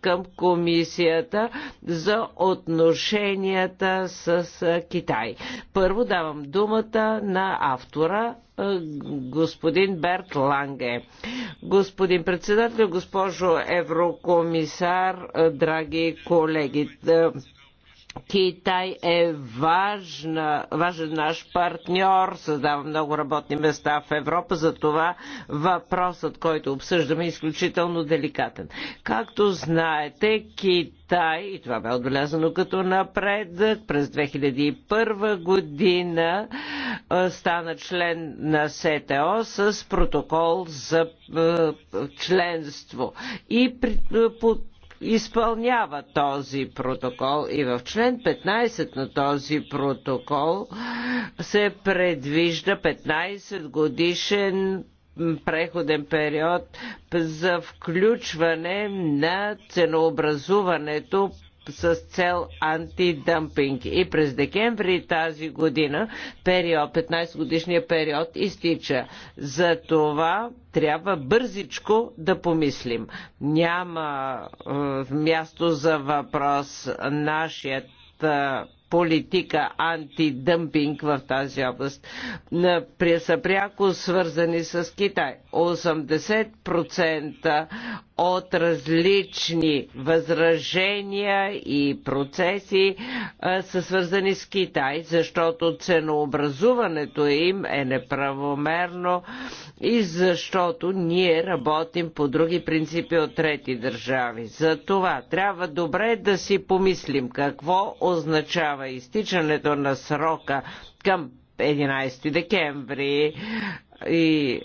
към комисията за отношенията с Китай. Първо давам думата на автора господин Берт Ланге. Господин председател, госпожо еврокомисар, драги колеги, Китай е важна, важен наш партньор, създава много работни места в Европа, За това въпросът, който обсъждаме е изключително деликатен. Както знаете, Китай, и това бе отбелязано като напредък, през 2001 година стана член на СТО с протокол за членство и изпълнява този протокол и в член 15 на този протокол се предвижда 15 годишен преходен период за включване на ценообразуването с цел антидъмпинг. И през декември тази година период, 15-годишния период изтича. За това трябва бързичко да помислим. Няма е, място за въпрос нашият е, политика антидъмпинг в тази област са пряко свързани с Китай. 80% от различни възражения и процеси са свързани с Китай, защото ценообразуването им е неправомерно и защото ние работим по други принципи от трети държави. За това трябва добре да си помислим какво означава изтичането на срока към 11 декември и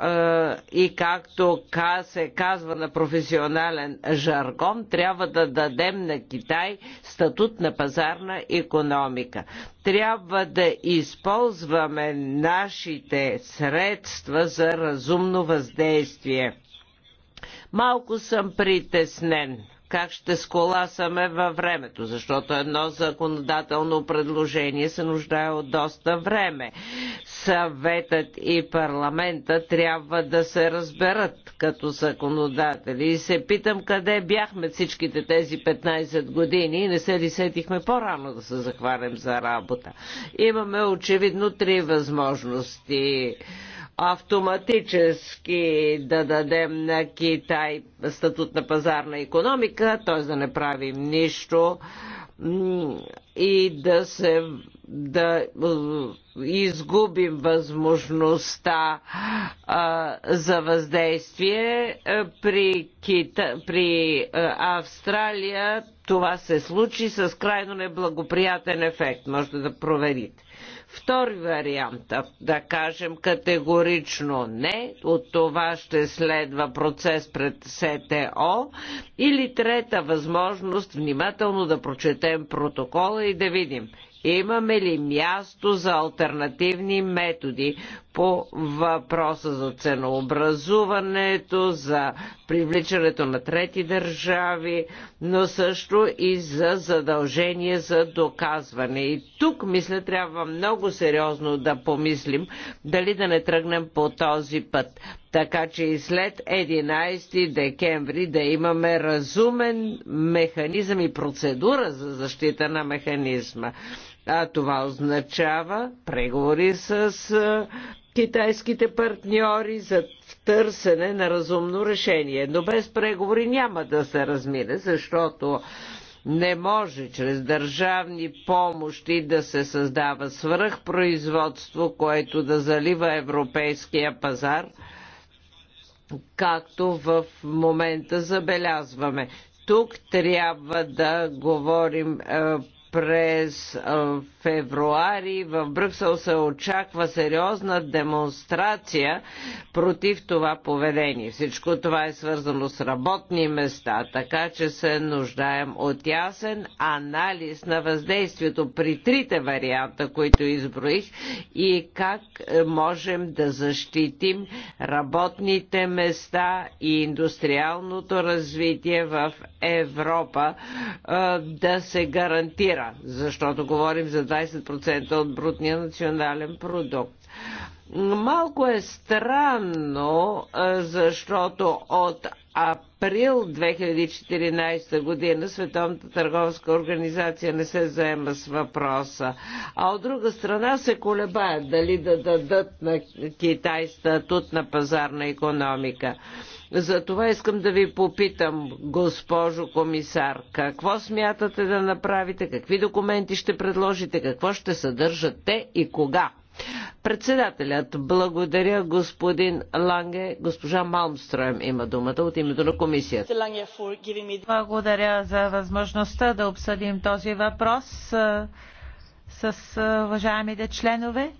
е, и както се казва на професионален жаргон, трябва да дадем на Китай статут на пазарна економика. Трябва да използваме нашите средства за разумно въздействие. Малко съм притеснен как ще сколасаме във времето, защото едно законодателно предложение се нуждае от доста време. Съветът и парламента трябва да се разберат като законодатели. И се питам къде бяхме всичките тези 15 години и не се ли сетихме по-рано да се захванем за работа. Имаме очевидно три възможности автоматически да дадем на Китай статут на пазарна економика, т.е. да не правим нищо и да се да е, изгубим възможността а, за въздействие е, при, Кита, при е, Австралия. Това се случи с крайно неблагоприятен ефект. Можете да проверите. Втори вариант, да кажем категорично не, от това ще следва процес пред СТО. Или трета възможност, внимателно да прочетем протокола и да видим имаме ли място за альтернативни методи, по въпроса за ценообразуването, за привличането на трети държави, но също и за задължение за доказване. И тук, мисля, трябва много сериозно да помислим дали да не тръгнем по този път. Така че и след 11 декември да имаме разумен механизъм и процедура за защита на механизма. А това означава преговори с китайските партньори за търсене на разумно решение. Но без преговори няма да се размине, защото не може чрез държавни помощи да се създава свръхпроизводство, което да залива европейския пазар, както в момента забелязваме. Тук трябва да говорим е, през февруари в Брюксел се очаква сериозна демонстрация против това поведение. Всичко това е свързано с работни места, така че се нуждаем от ясен анализ на въздействието при трите варианта, които изброих и как е, можем да защитим работните места и индустриалното развитие в Европа е, да се гарантира сфера, защото говорим за 20% от брутния национален продукт. Малко е странно, защото от април 2014 година Световната търговска организация не се заема с въпроса, а от друга страна се колебаят дали да дадат на Китай статут на пазарна економика. За това искам да ви попитам, госпожо комисар, какво смятате да направите, какви документи ще предложите, какво ще съдържат те и кога? Председателят, благодаря господин Ланге. Госпожа Малмстроем има думата от името на комисията. Благодаря за възможността да обсъдим този въпрос с, с уважаемите членове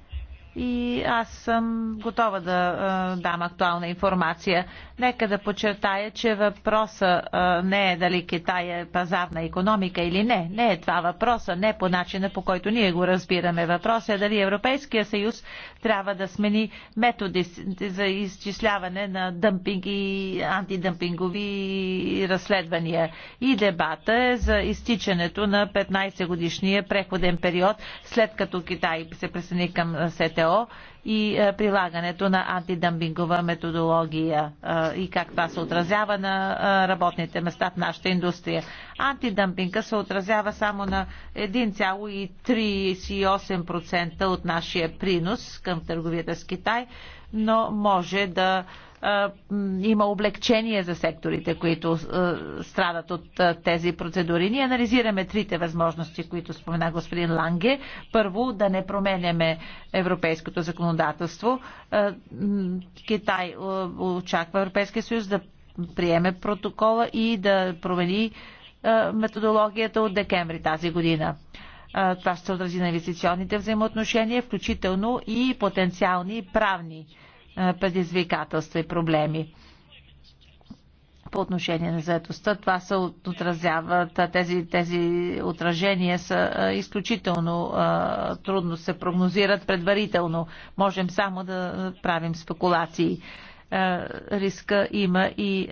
и аз съм готова да дам актуална информация. Нека да подчертая, че въпроса не е дали Китай е пазарна економика или не. Не е това въпроса, не е по начина по който ние го разбираме. Въпросът е дали Европейския съюз трябва да смени методи за изчисляване на дъмпинг и антидъмпингови разследвания. И дебата е за изтичането на 15 годишния преходен период, след като Китай се присъедини към СТО и е, прилагането на антидъмбингова методология е, и как това се отразява на е, работните места в нашата индустрия. Антидампинга се отразява само на 1,38% от нашия принос към търговията с Китай, но може да има облегчение за секторите, които страдат от тези процедури. Ние анализираме трите възможности, които спомена господин Ланге. Първо, да не променяме европейското законодателство. Китай очаква Европейския съюз да приеме протокола и да промени методологията от декември тази година. Това ще се отрази на инвестиционните взаимоотношения, включително и потенциални правни е, предизвикателства и проблеми по отношение на заедостта. Това се отразява, тези, тези отражения са изключително трудно се прогнозират предварително. Можем само да правим спекулации. риска има и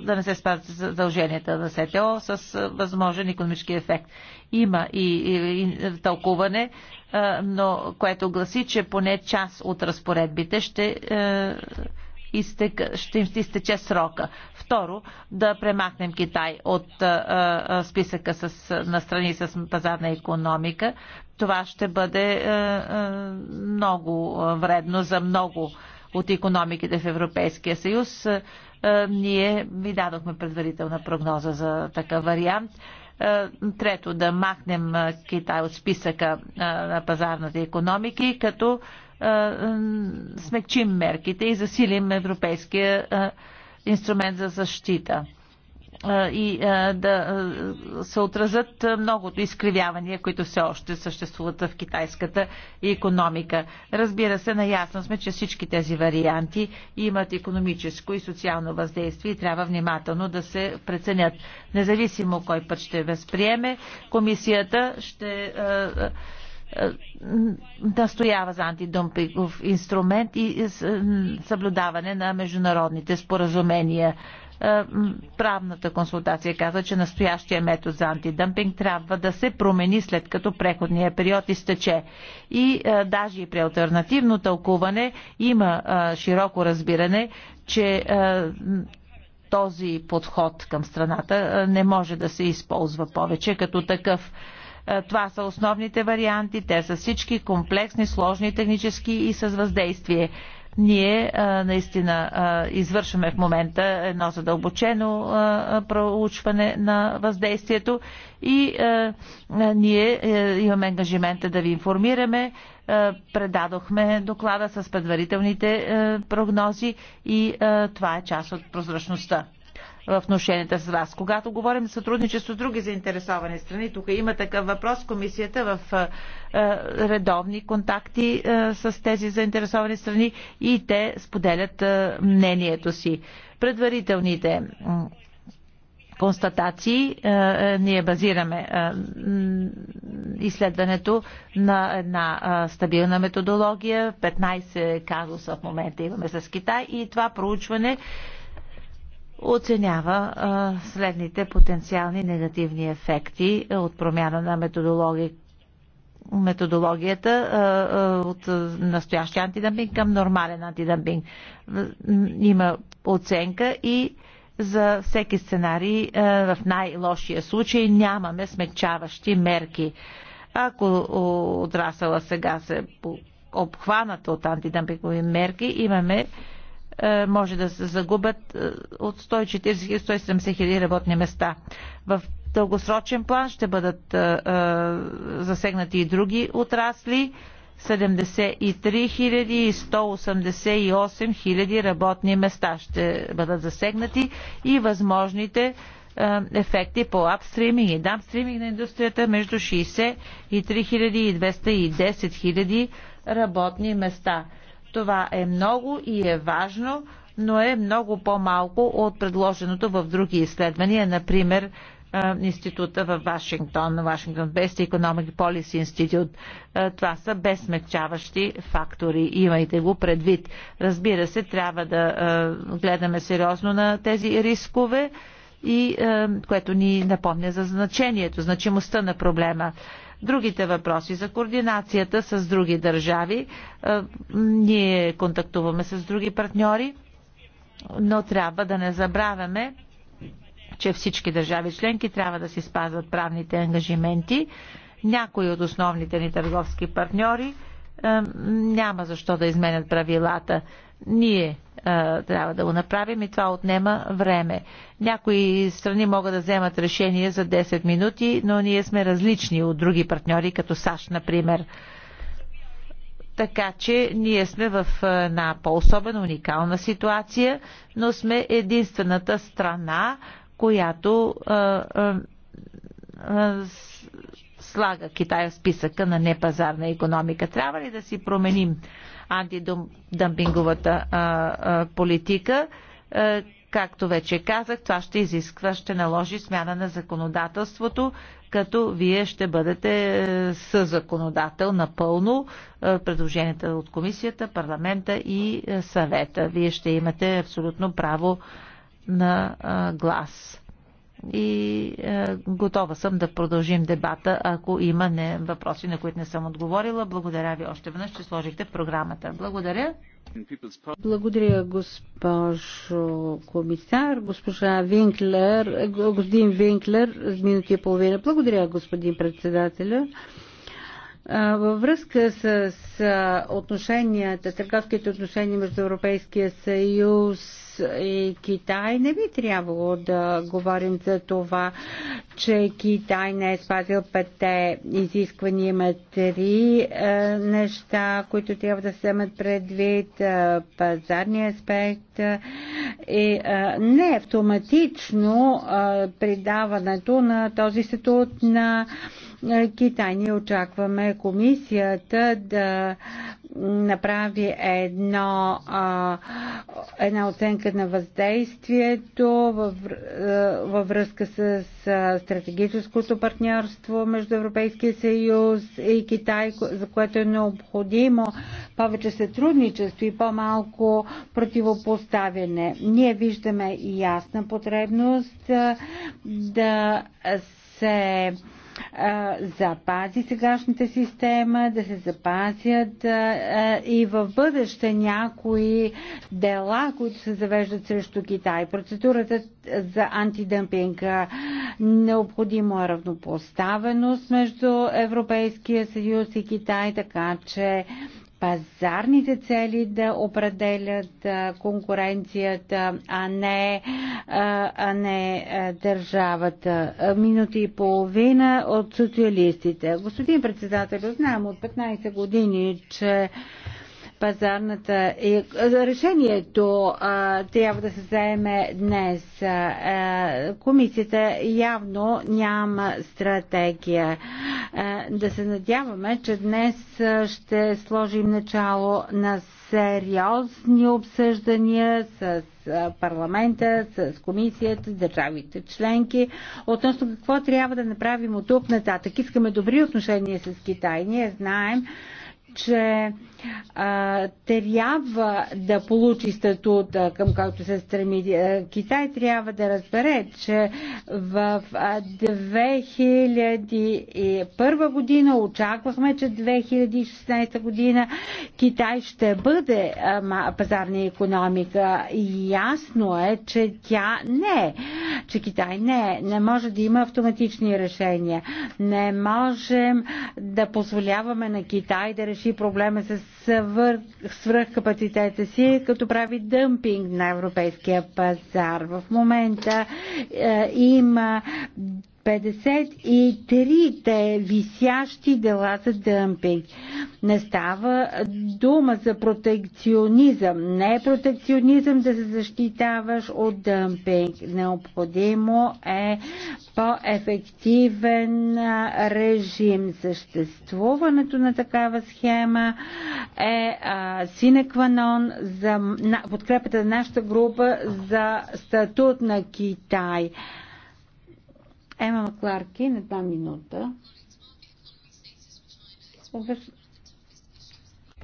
да не се спазят задълженията на СТО с възможен економически ефект. Има и, и, и тълкуване е, но което гласи, че поне част от разпоредбите ще е, ще им изтече срока. Второ, да премахнем Китай от е, списъка с, на страни с пазарна економика. Това ще бъде много вредно за много от економиките в Европейския съюз. ние ви дадохме предварителна прогноза за такъв вариант. Е, трето, да махнем е, Китай от списъка е, на пазарната економики, като смекчим мерките и засилим европейския инструмент за защита и да се отразят многото изкривявания, които все още съществуват в китайската економика. Разбира се, наясно сме, че всички тези варианти имат економическо и социално въздействие и трябва внимателно да се преценят. Независимо кой път ще възприеме, комисията ще настоява за антидумпингов инструмент и съблюдаване на международните споразумения. Е, правната консултация каза, че настоящия метод за антидъмпинг трябва да се промени след като преходния период изтече. И е, даже и при альтернативно тълкуване има е, широко разбиране, че този подход към страната не може да се използва повече като такъв. Това са основните варианти, те са всички комплексни, сложни технически и с въздействие. Ние а, наистина а, извършваме в момента едно задълбочено а, проучване на въздействието и а, ние а, е, имаме ангажимента да ви информираме. А, предадохме доклада с предварителните а, е, прогнози и а, това е част от прозрачността в отношенията с вас. Когато говорим за сътрудничество с други заинтересовани страни, тук има такъв въпрос, комисията в е, е, редовни контакти е, с тези заинтересовани страни и те споделят мнението си. Предварителните констатации ние базираме изследването на една стабилна методология. 15 казуса в момента имаме с Китай и това проучване оценява а, следните потенциални негативни ефекти е, от промяна на методологи, методологията а, а, от настоящия антидъмпинг към нормален антидъмпинг. Има оценка и за всеки сценарий а, в най-лошия случай нямаме смягчаващи мерки. Ако отрасъла сега се обхваната от антидъмпингови мерки, имаме е, може да се загубят е, от 140-170 хиляди работни места. В дългосрочен план ще бъдат е, засегнати и други отрасли. 73 188 хиляди работни места ще бъдат засегнати и възможните ефекти по апстриминг и дамстриминг на индустрията между 60 200 и 210 000 работни места. Това е много и е важно, но е много по-малко от предложеното в други изследвания, например е, института в Вашингтон, Вашингтон Best Economic Policy Institute. Е, това са безсмекчаващи фактори. Имайте го предвид. Разбира се, трябва да е, гледаме сериозно на тези рискове и което ни напомня за значението, значимостта на проблема. Другите въпроси за координацията с други държави. Е, ние контактуваме с други партньори, но трябва да не забравяме, че всички държави членки трябва да си спазват правните ангажименти. Някои от основните ни търговски партньори е, няма защо да изменят правилата. Ние трябва да го направим и това отнема време. Някои страни могат да вземат решение за 10 минути, но ние сме различни от други партньори, като САЩ, например. Така че ние сме в една по-особена уникална ситуация, но сме единствената страна, която а, а, а, слага Китай в списъка на непазарна економика. Трябва ли да си променим? антидъмпинговата политика. Както вече казах, това ще изисква, ще наложи смяна на законодателството, като вие ще бъдете е, съзаконодател напълно е, предложенията от комисията, парламента и е, съвета. Вие ще имате абсолютно право на глас и е, готова съм да продължим дебата, ако има не, въпроси, на които не съм отговорила. Благодаря ви още веднъж, че сложихте в програмата. Благодаря. Благодаря, госпожо комисар. Госпожа Винклер, господин Винклер, с минути и половина. Благодаря, господин председателя. Във връзка с отношенията, търговските отношения между Европейския съюз и Китай, не би трябвало да говорим за това, че Китай не е спазил петте изисквания. Има три е, неща, които трябва да се вземат предвид. Е, пазарния аспект е, и е, не автоматично е, придаването на този статут на Китай. Ние очакваме комисията да направи едно, една оценка на въздействието във, във връзка с стратегическото партньорство между Европейския съюз и Китай, за което е необходимо повече сътрудничество и по-малко противопоставяне. Ние виждаме ясна потребност да се запази сегашната система, да се запазят и в бъдеще някои дела, които се завеждат срещу Китай. Процедурата за антидъмпинг. Необходимо е равнопоставеност между Европейския съюз и Китай, така че пазарните цели да определят конкуренцията, а не, а не държавата. Минута и половина от социалистите. Господин председател, знам от 15 години, че пазарната. Решението а, трябва да се заеме днес. А, комисията явно няма стратегия. А, да се надяваме, че днес ще сложим начало на сериозни обсъждания с парламента, с комисията, с държавите членки, относно какво трябва да направим от тук нататък. Искаме добри отношения с Китай. Ние знаем, че а, трябва да получи статута, към който се стреми Китай, трябва да разбере, че в 2001 година очаквахме, че 2016 година Китай ще бъде пазарна економика. Ясно е, че тя не е, че Китай не е. Не може да има автоматични решения. Не можем да позволяваме на Китай да реши проблема с свър... свръхкапацитета си, като прави дъмпинг на европейския пазар. В момента е, има 53-те висящи дела за дъмпинг. Не става дума за протекционизъм. Не е протекционизъм да се защитаваш от дъмпинг. Необходимо е по-ефективен режим. Съществуването на такава схема е синекванон за на, подкрепата на нашата група за статут на Китай. Ема Макларки, на една минута.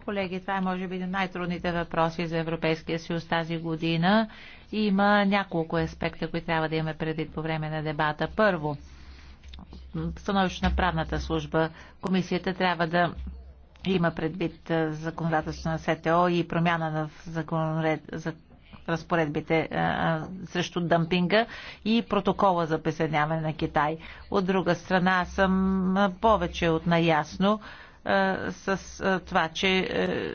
Колеги, това е може би най-трудните въпроси за Европейския съюз тази година има няколко аспекта, които трябва да имаме предвид по време на дебата. Първо, становище на правната служба. Комисията трябва да има предвид законодателство на СТО и промяна на законоред, за разпоредбите а, срещу дъмпинга и протокола за присъединяване на Китай. От друга страна съм повече от наясно а, с а, това, че а, е,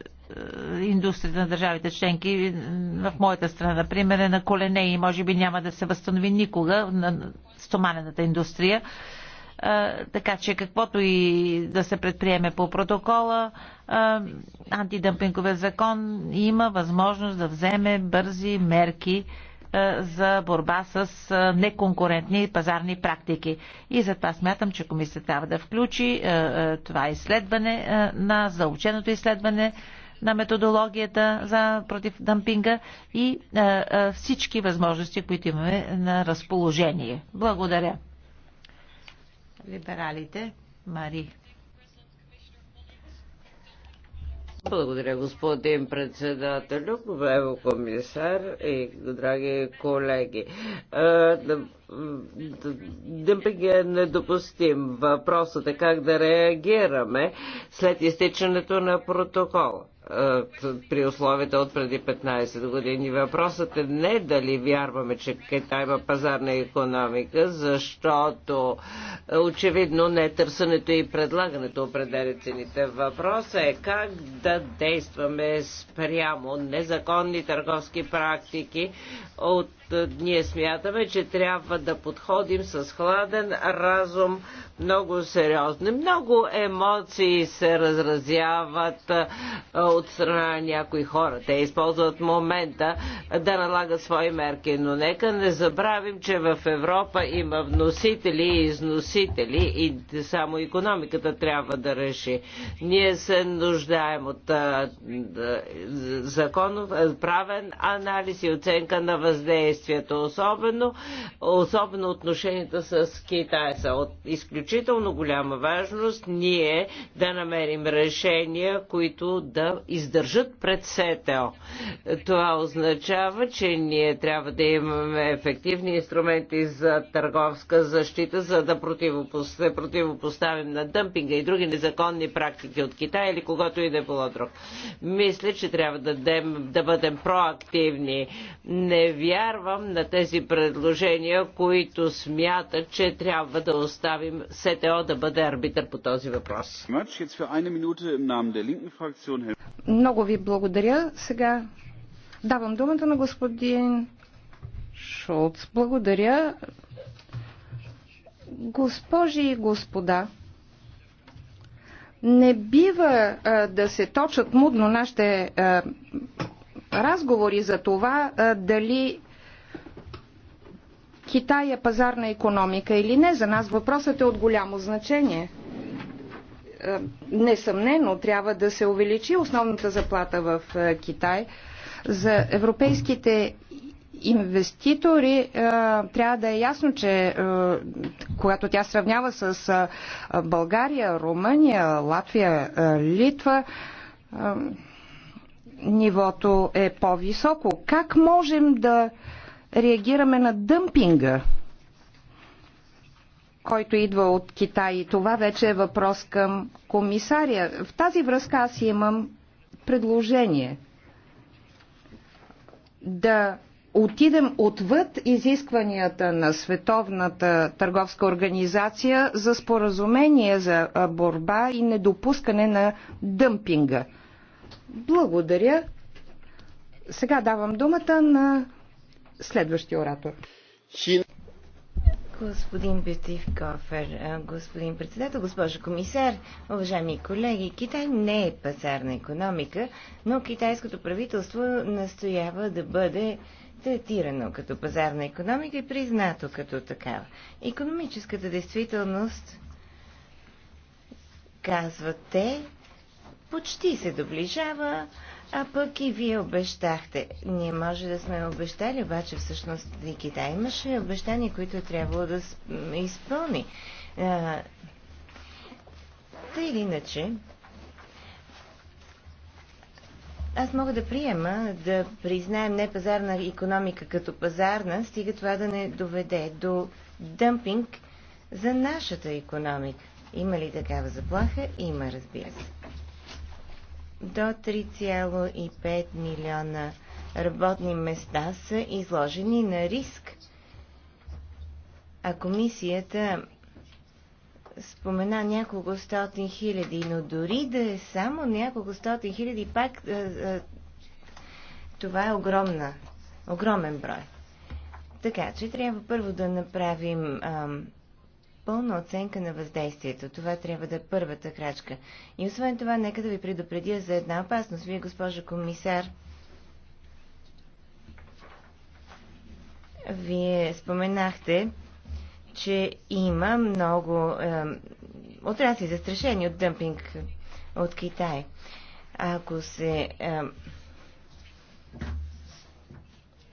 е, индустрията на държавите членки в моята страна, например, е на колене и може би няма да се възстанови никога на стоманената индустрия. Е, така че каквото и да се предприеме по протокола, е, антидъмпинговия закон има възможност да вземе бързи мерки за борба с неконкурентни пазарни практики. И затова смятам, че комисията трябва да включи това изследване на заученото изследване на методологията за против дъмпинга и всички възможности, които имаме на разположение. Благодаря. Либералите, Мари. Благодаря, господин председател, Главен комисар и драги колеги. Дъмпинг е недопустим. Въпросът е как да реагираме след изтичането на протокола. Е, при условията от преди 15 години. Въпросът е не дали вярваме, че Китай има пазарна економика, защото е, очевидно не търсенето и предлагането определя цените. Въпросът е как да действаме спрямо незаконни търговски практики от ние смятаме, че трябва да подходим с хладен разум, много сериозни. Много емоции се разразяват от страна на някои хора. Те използват момента да налагат свои мерки, но нека не забравим, че в Европа има вносители и износители и само економиката трябва да реши. Ние се нуждаем от законов правен анализ и оценка на въздействие действията, особено, особено отношенията с Китай са от изключително голяма важност ние да намерим решения, които да издържат пред СЕТЕО. Това означава, че ние трябва да имаме ефективни инструменти за търговска защита, за да противопоставим, противопоставим на дъмпинга и други незаконни практики от Китай или когато и да е било друг. Мисля, че трябва да, дем, да бъдем проактивни. Не вярвам възразявам на тези предложения, които смятат, че трябва да оставим СТО да бъде арбитър по този въпрос. Много ви благодаря. Сега давам думата на господин Шолц. Благодаря. Госпожи и господа, не бива а, да се точат мудно нашите а, разговори за това а, дали Китай е пазарна економика или не, за нас въпросът е от голямо значение. Е, несъмнено трябва да се увеличи основната заплата в е, Китай. За европейските инвеститори е, трябва да е ясно, че когато тя сравнява с България, Румъния, Латвия, Литва, нивото е по-високо. Как можем да реагираме на дъмпинга, който идва от Китай. И това вече е въпрос към комисария. В тази връзка аз имам предложение да отидем отвъд изискванията на Световната търговска организация за споразумение за борба и недопускане на дъмпинга. Благодаря. Сега давам думата на Следващия оратор. Господин Кофер, господин председател, госпожо комисар, уважаеми колеги, Китай не е пазарна економика, но китайското правителство настоява да бъде третирано като пазарна економика и признато като такава. Економическата действителност, казвате, почти се доближава а пък и вие обещахте. Ние може да сме обещали, обаче всъщност и Китай имаше обещания, които е трябвало да изпълни. Та или иначе, аз мога да приема да признаем непазарна економика като пазарна, стига това да не доведе до дъмпинг за нашата економика. Има ли такава заплаха? Има, разбира се до 3,5 милиона работни места са изложени на риск. А комисията спомена няколко стотин хиляди, но дори да е само няколко стотин хиляди, пак а, а, това е огромна, огромен брой. Така че трябва първо да направим ам, пълна оценка на въздействието. Това трябва да е първата крачка. И освен това, нека да ви предупредя за една опасност. Вие, госпожа комисар, вие споменахте, че има много е, отрасли застрашени от дъмпинг от Китай. Ако се е,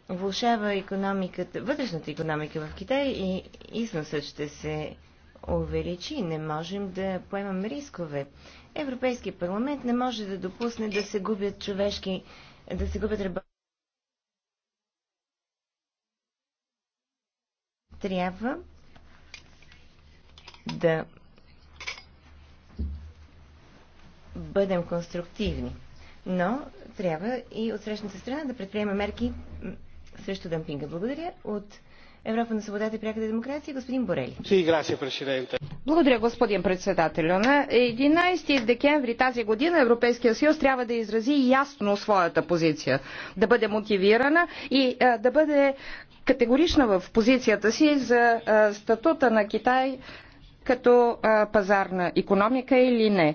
влушава економиката, вътрешната економика в Китай и износът ще се увеличи. Не можем да поемам рискове. Европейския парламент не може да допусне да се губят човешки, да се губят работи. Трябва да бъдем конструктивни, но трябва и от срещната страна да предприема мерки срещу дъмпинга. Благодаря от Европа на свободата и пряката демокрация, господин Борели. Благодаря, господин председател. На 11 декември тази година Европейския съюз трябва да изрази ясно своята позиция, да бъде мотивирана и да бъде категорична в позицията си за статута на Китай като пазарна економика или не.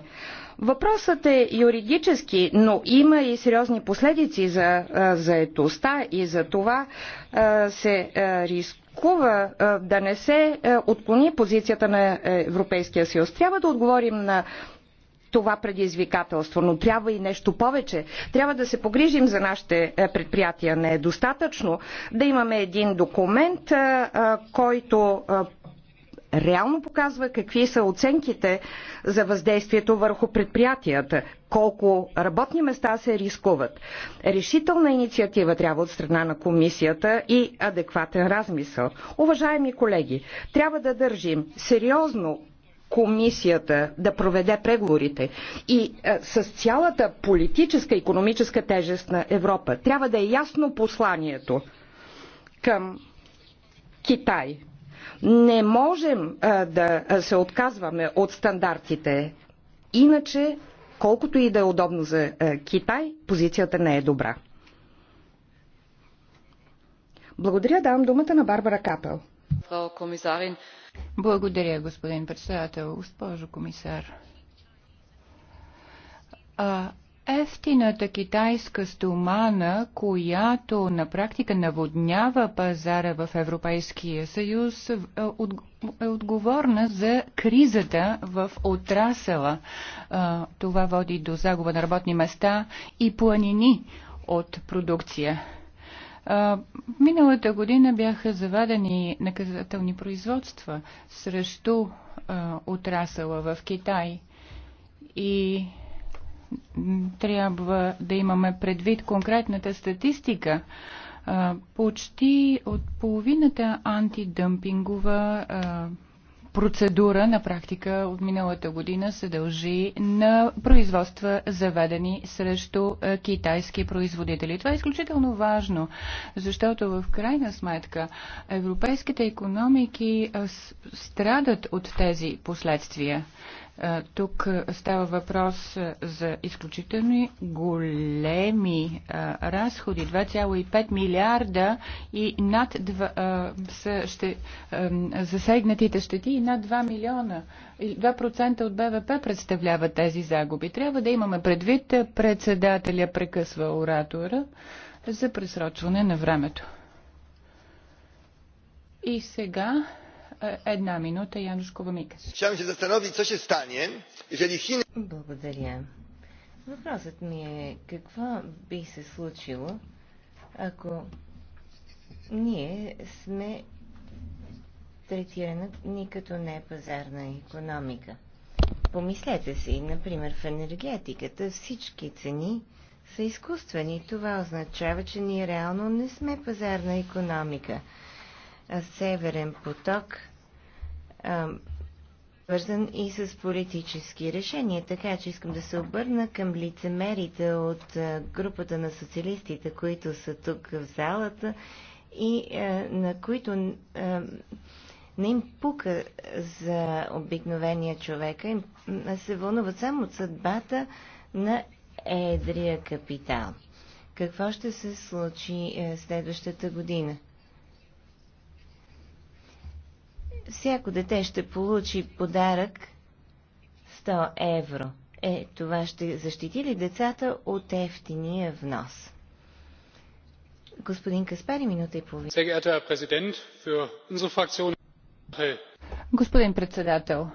Въпросът е юридически, но има и сериозни последици за заетостта и за това се рискува Куба да не се отклони позицията на е, Европейския съюз. Трябва да отговорим на това предизвикателство, но трябва и нещо повече. Трябва да се погрижим за нашите е, предприятия. Не е достатъчно да имаме един документ, който реално показва какви са оценките за въздействието върху предприятията, колко работни места се рискуват. Решителна инициатива трябва от страна на комисията и адекватен размисъл. Уважаеми колеги, трябва да държим сериозно комисията да проведе преговорите и а, е, с цялата политическа и економическа тежест на Европа трябва да е ясно посланието към Китай, не можем да се отказваме от стандартите, иначе, колкото и да е удобно за Китай, позицията не е добра. Благодаря, давам думата на Барбара Капел. Благодаря, господин председател, госпожо комисар. А, ефтината китайска стомана, която на практика наводнява пазара в Европейския съюз, е, е отговорна за кризата в отрасъла. Е, това води до загуба на работни места и планини от продукция. Е, миналата година бяха завадени наказателни производства срещу отрасъла в Китай и трябва да имаме предвид конкретната статистика. Почти от половината антидъмпингова процедура на практика от миналата година се дължи на производства заведени срещу китайски производители. Това е изключително важно, защото в крайна сметка европейските економики страдат от тези последствия. Тук става въпрос за изключително големи разходи 2,5 милиарда и над 2, са ще, засегнатите щети и над 2 милиона. 2% от БВП представляват тези загуби. Трябва да имаме предвид председателя прекъсва оратора за пресрочване на времето. И сега е, една минута Януш Ковамика. Chciałem się zastanowić, co się stanie, jeżeli Chiny... Благодаря. Въпросът ми е какво би се случило, ако ние сме третирани като не пазарна економика. Помислете си, например, в енергетиката всички цени са изкуствени. Това означава, че ние реално не сме пазарна економика. А Северен поток свързан и с политически решения, така че искам да се обърна към лицемерите от групата на социалистите, които са тук в залата и на които не им пука за обикновения човека, а се вълнуват само от съдбата на едрия капитал. Какво ще се случи следващата година? всяко дете ще получи подарък 100 евро. Е, това ще защити ли децата от ефтиния внос? Господин Каспари, минута и половина. Господин председател,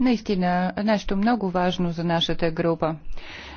наистина нещо много важно за нашата група.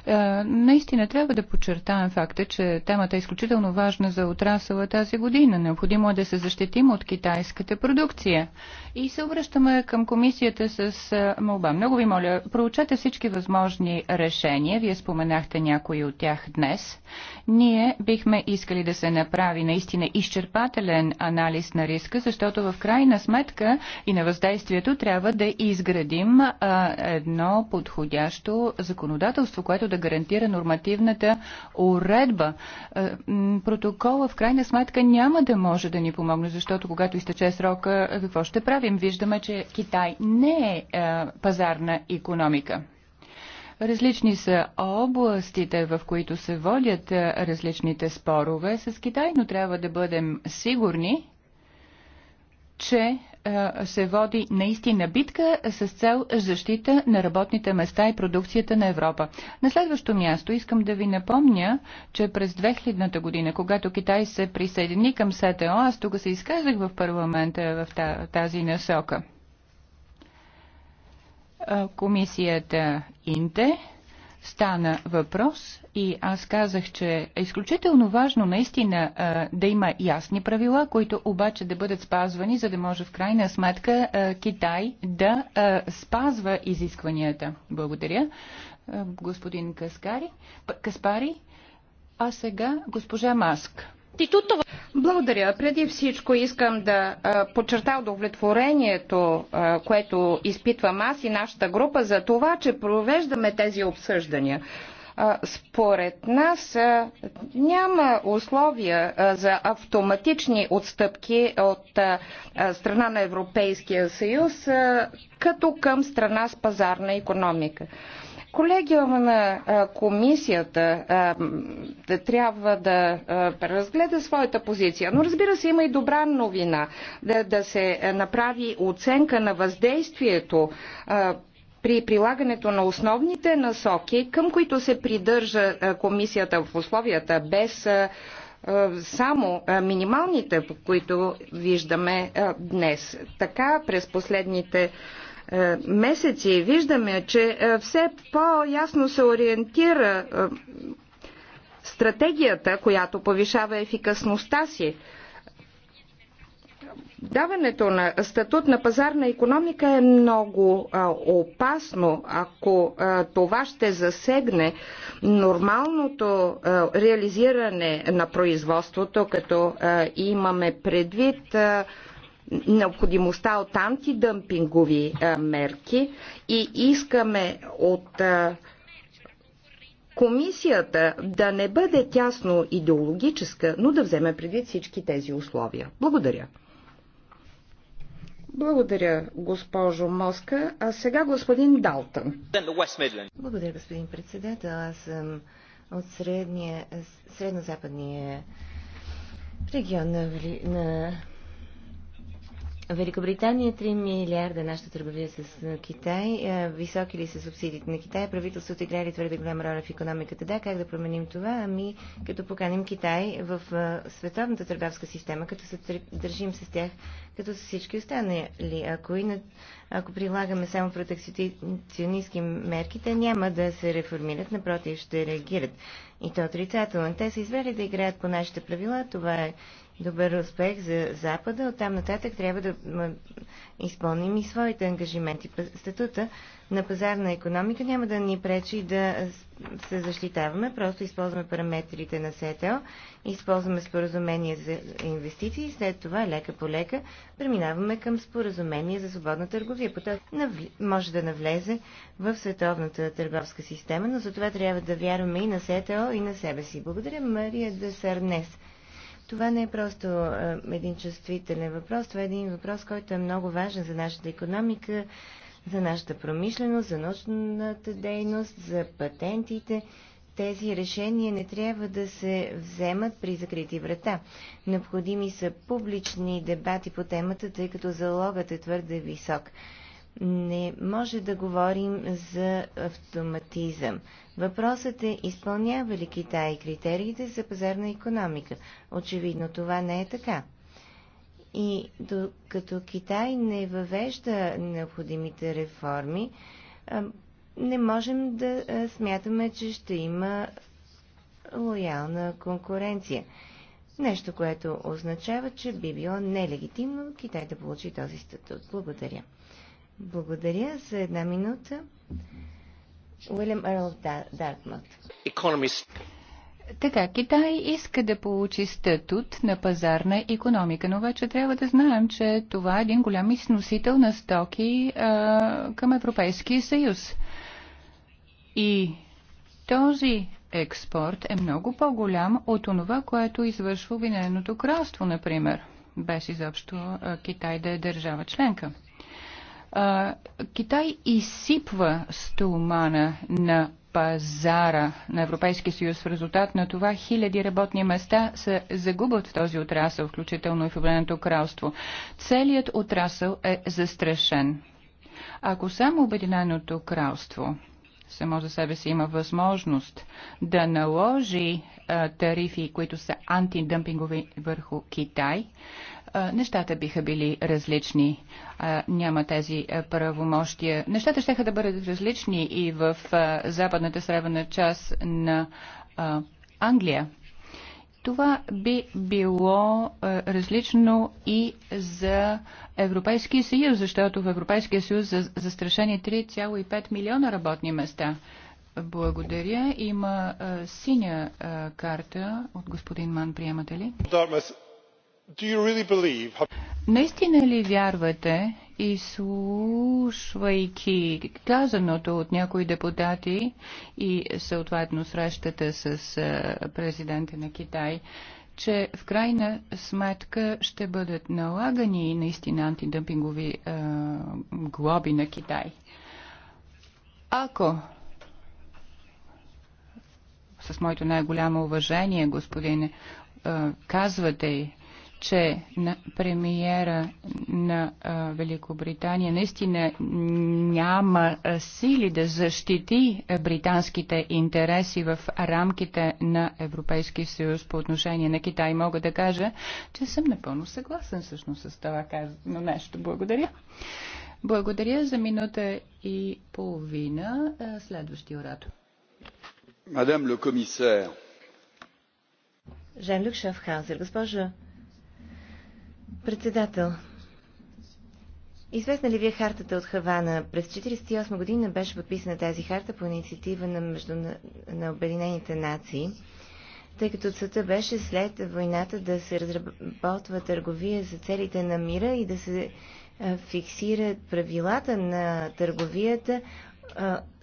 Е, наистина трябва да подчертаем факта, че темата е изключително важна за отрасъла тази година. Необходимо е да се защитим от китайската продукция. И се обръщаме към комисията с е, молба. Много ви моля, проучете всички възможни решения. Вие споменахте някои от тях днес. Ние бихме искали да се направи наистина изчерпателен анализ на риска, защото в крайна сметка и на въздействието трябва да изградим към а, едно подходящо законодателство, което да гарантира нормативната уредба. А, протокола в крайна сметка няма да може да ни помогне, защото когато изтече срока, какво ще правим? Виждаме, че Китай не е а, пазарна економика. Различни са областите, в които се водят различните спорове с Китай, но трябва да бъдем сигурни, че е, се води наистина битка с цел защита на работните места и продукцията на Европа. На следващо място искам да ви напомня, че през 2000-та година, когато Китай се присъедини към СТО, аз тук се изказах в парламента в тази насока. Е, комисията Инте стана въпрос и аз казах, че е изключително важно наистина да има ясни правила, които обаче да бъдат спазвани, за да може в крайна сметка Китай да спазва изискванията. Благодаря, господин Каскари, Каспари. А сега госпожа Маск. Благодаря. Преди всичко искам да подчерта удовлетворението, което изпитвам аз и нашата група за това, че провеждаме тези обсъждания според нас няма условия за автоматични отстъпки от страна на Европейския съюз като към страна с пазарна економика. Колегиума на комисията трябва да разгледа своята позиция. Но разбира се, има и добра новина да, да се направи оценка на въздействието при прилагането на основните насоки, към които се придържа комисията в условията без само минималните, които виждаме днес. Така през последните месеци виждаме, че все по-ясно се ориентира стратегията, която повишава ефикасността си Даването на статут на пазарна економика е много а, опасно, ако а, това ще засегне нормалното а, реализиране на производството, като а, имаме предвид а, необходимостта от антидъмпингови а, мерки и искаме от а, комисията да не бъде тясно идеологическа, но да вземе предвид всички тези условия. Благодаря. Благодаря, госпожо Моска. А сега господин Далтън. Благодаря, господин председател. Аз съм от средния, среднозападния регион на, на Великобритания 3 милиарда нашата търговия с Китай. Високи ли са субсидиите на Китай? Правителството играе твърде голяма роля в економиката? Да, как да променим това? Ами, като поканим Китай в световната търговска система, като се държим с тях, като с всички останали. Ако, и на... Ако прилагаме само протекционистски мерки, те няма да се реформират, напротив, ще реагират. И то отрицателно. Те са извели да играят по нашите правила. Това е добър успех за Запада. Оттам нататък трябва да изпълним и своите ангажименти. Статута на пазарна економика няма да ни пречи да се защитаваме, просто използваме параметрите на Сетео, използваме споразумение за инвестиции и след това лека по лека преминаваме към споразумение за свободна търговия. По може да навлезе в световната търговска система, но за това трябва да вярваме и на Сетео, и на себе си. Благодаря, Мария Десарнес. Това не е просто е, един чувствителен въпрос, това е един въпрос, който е много важен за нашата економика, за нашата промишленост, за научната дейност, за патентите. Тези решения не трябва да се вземат при закрити врата. Необходими са публични дебати по темата, тъй като залогът е твърде висок не може да говорим за автоматизъм. Въпросът е, изпълнява ли Китай критериите за пазарна економика? Очевидно това не е така. И докато Китай не въвежда необходимите реформи, не можем да смятаме, че ще има лоялна конкуренция. Нещо, което означава, че би било нелегитимно Китай да получи този статут. Благодаря. Благодаря за една минута. Уилям Ерл Дартмут. Економист. Така, Китай иска да получи статут на пазарна економика, но вече трябва да знаем, че това е един голям износител на стоки а, към Европейския съюз. И този експорт е много по-голям от онова, което извършва Обединеното кралство, например, без изобщо а, Китай да е държава членка. Китай изсипва стомана на пазара на Европейския съюз. В резултат на това хиляди работни места се загубят в този отрасъл, включително и в Обединеното кралство. Целият отрасъл е застрашен. Ако само Обединеното кралство само за себе си има възможност да наложи а, тарифи, които са антидъмпингови върху Китай, нещата биха били различни. Няма тези правомощия. Нещата ще да бъдат различни и в западната сребърна част на Англия. Това би било различно и за Европейския съюз, защото в Европейския съюз са застрашени 3,5 милиона работни места. Благодаря. Има синя карта от господин Ман. Приемате ли? Наистина ли вярвате, и слушвайки казаното от някои депутати и съответно срещата с президента на Китай, че в крайна сметка ще бъдат налагани наистина антидъмпингови е, глоби на Китай? Ако с моето най-голямо уважение, господин, е, казвате че на премиера на а, Великобритания наистина няма а, сили да защити британските интереси в рамките на Европейския съюз по отношение на Китай. Мога да кажа, че съм напълно съгласен всъщност с това казано нещо. Благодаря. Благодаря за минута и половина. Следващия оратор. Мадам ле комисар. Жан-Люк Шафхаузер, госпожа Председател, известна ли ви е хартата от Хавана? През 1948 година беше подписана тази харта по инициатива на, между... на Обединените нации, тъй като целта беше след войната да се разработва търговия за целите на мира и да се фиксират правилата на търговията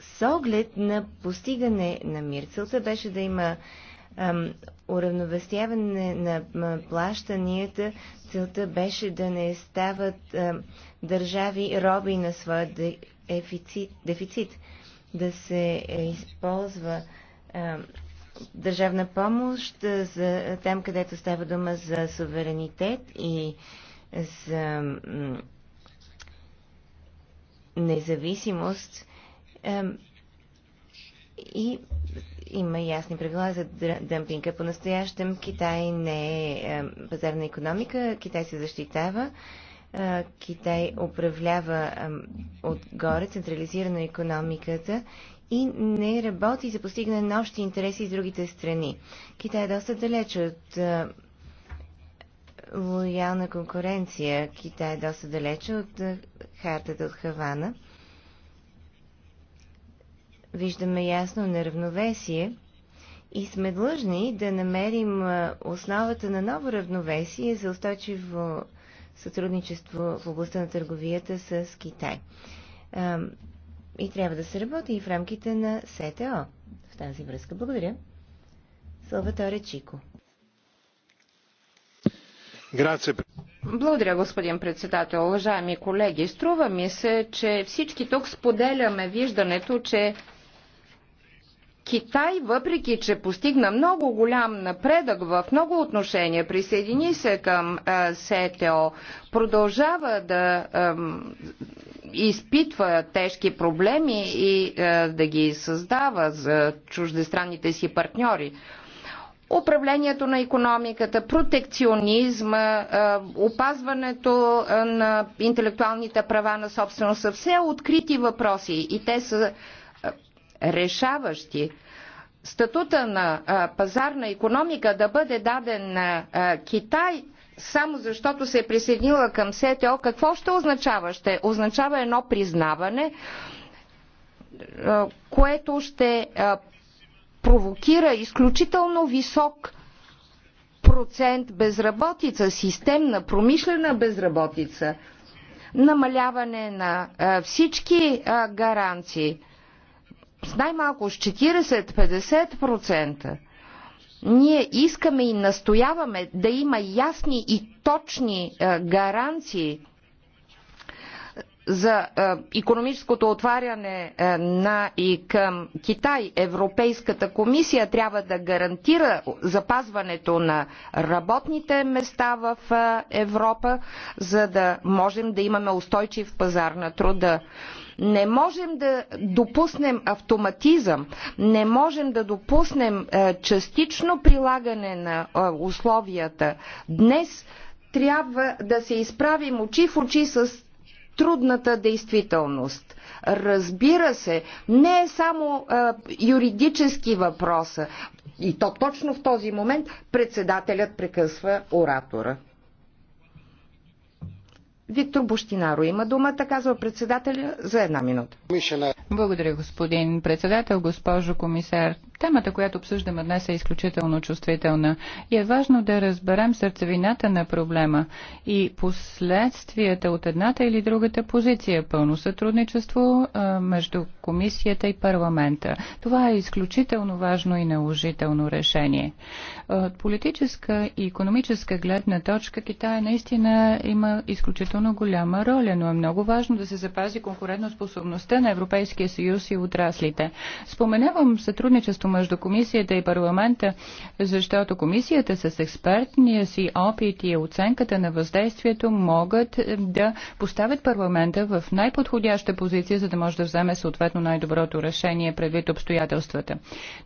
с оглед на постигане на мир. Целта беше да има уравновесяване на плащанията, целта беше да не стават държави роби на своя дефицит, да се е, използва държавна помощ за там, където става дума за суверенитет и за независимост и има ясни правила за дъмпинга. По-настоящем Китай не е, е пазарна економика, Китай се защитава, е, Китай управлява е, отгоре централизирана економиката и не работи за постигане на общи интереси с другите страни. Китай е доста далеч от лоялна конкуренция. Китай е доста далече от хартата от Хавана виждаме ясно неравновесие и сме длъжни да намерим основата на ново равновесие за устойчиво сътрудничество в областта на търговията с Китай. И трябва да се работи и в рамките на СТО. В тази връзка благодаря. Салваторе Чико. Благодаря, господин председател. Уважаеми колеги, струва ми се, че всички тук споделяме виждането, че Китай, въпреки че постигна много голям напредък в много отношения, присъедини се към е, СТО, продължава да изпитва тежки проблеми и е, да ги създава за чуждестранните си партньори управлението на економиката, протекционизма, е, опазването на интелектуалните права на собственост са все открити въпроси и те са решаващи статута на пазарна економика да бъде даден на Китай само защото се е присъединила към СТО, какво ще означава? Ще означава едно признаване, което ще провокира изключително висок процент безработица, системна промишлена безработица, намаляване на всички гаранции с най-малко с 40-50%. Ние искаме и настояваме да има ясни и точни е, гаранции за економическото отваряне е, на и към Китай, Европейската комисия трябва да гарантира запазването на работните места в е, Европа, за да можем да имаме устойчив пазар на труда. Не можем да допуснем автоматизъм, не можем да допуснем е, частично прилагане на условията. Днес трябва да се изправим очи в очи с трудната действителност. Разбира се, не е само а, юридически въпроса. И то точно в този момент председателят прекъсва оратора. Виктор Бощинаро има думата, казва председателя, за една минута. Благодаря, господин председател, госпожо комисар. Темата, която обсъждаме днес е изключително чувствителна и е важно да разберем сърцевината на проблема и последствията от едната или другата позиция. Пълно сътрудничество между комисията и парламента. Това е изключително важно и наложително решение. От политическа и економическа гледна точка Китай наистина има изключително изключително голяма роля, но е много важно да се запази конкурентоспособността на Европейския съюз и отраслите. Споменавам сътрудничество между комисията и парламента, защото комисията с експертния си опит и оценката на въздействието могат да поставят парламента в най-подходяща позиция, за да може да вземе съответно най-доброто решение предвид обстоятелствата.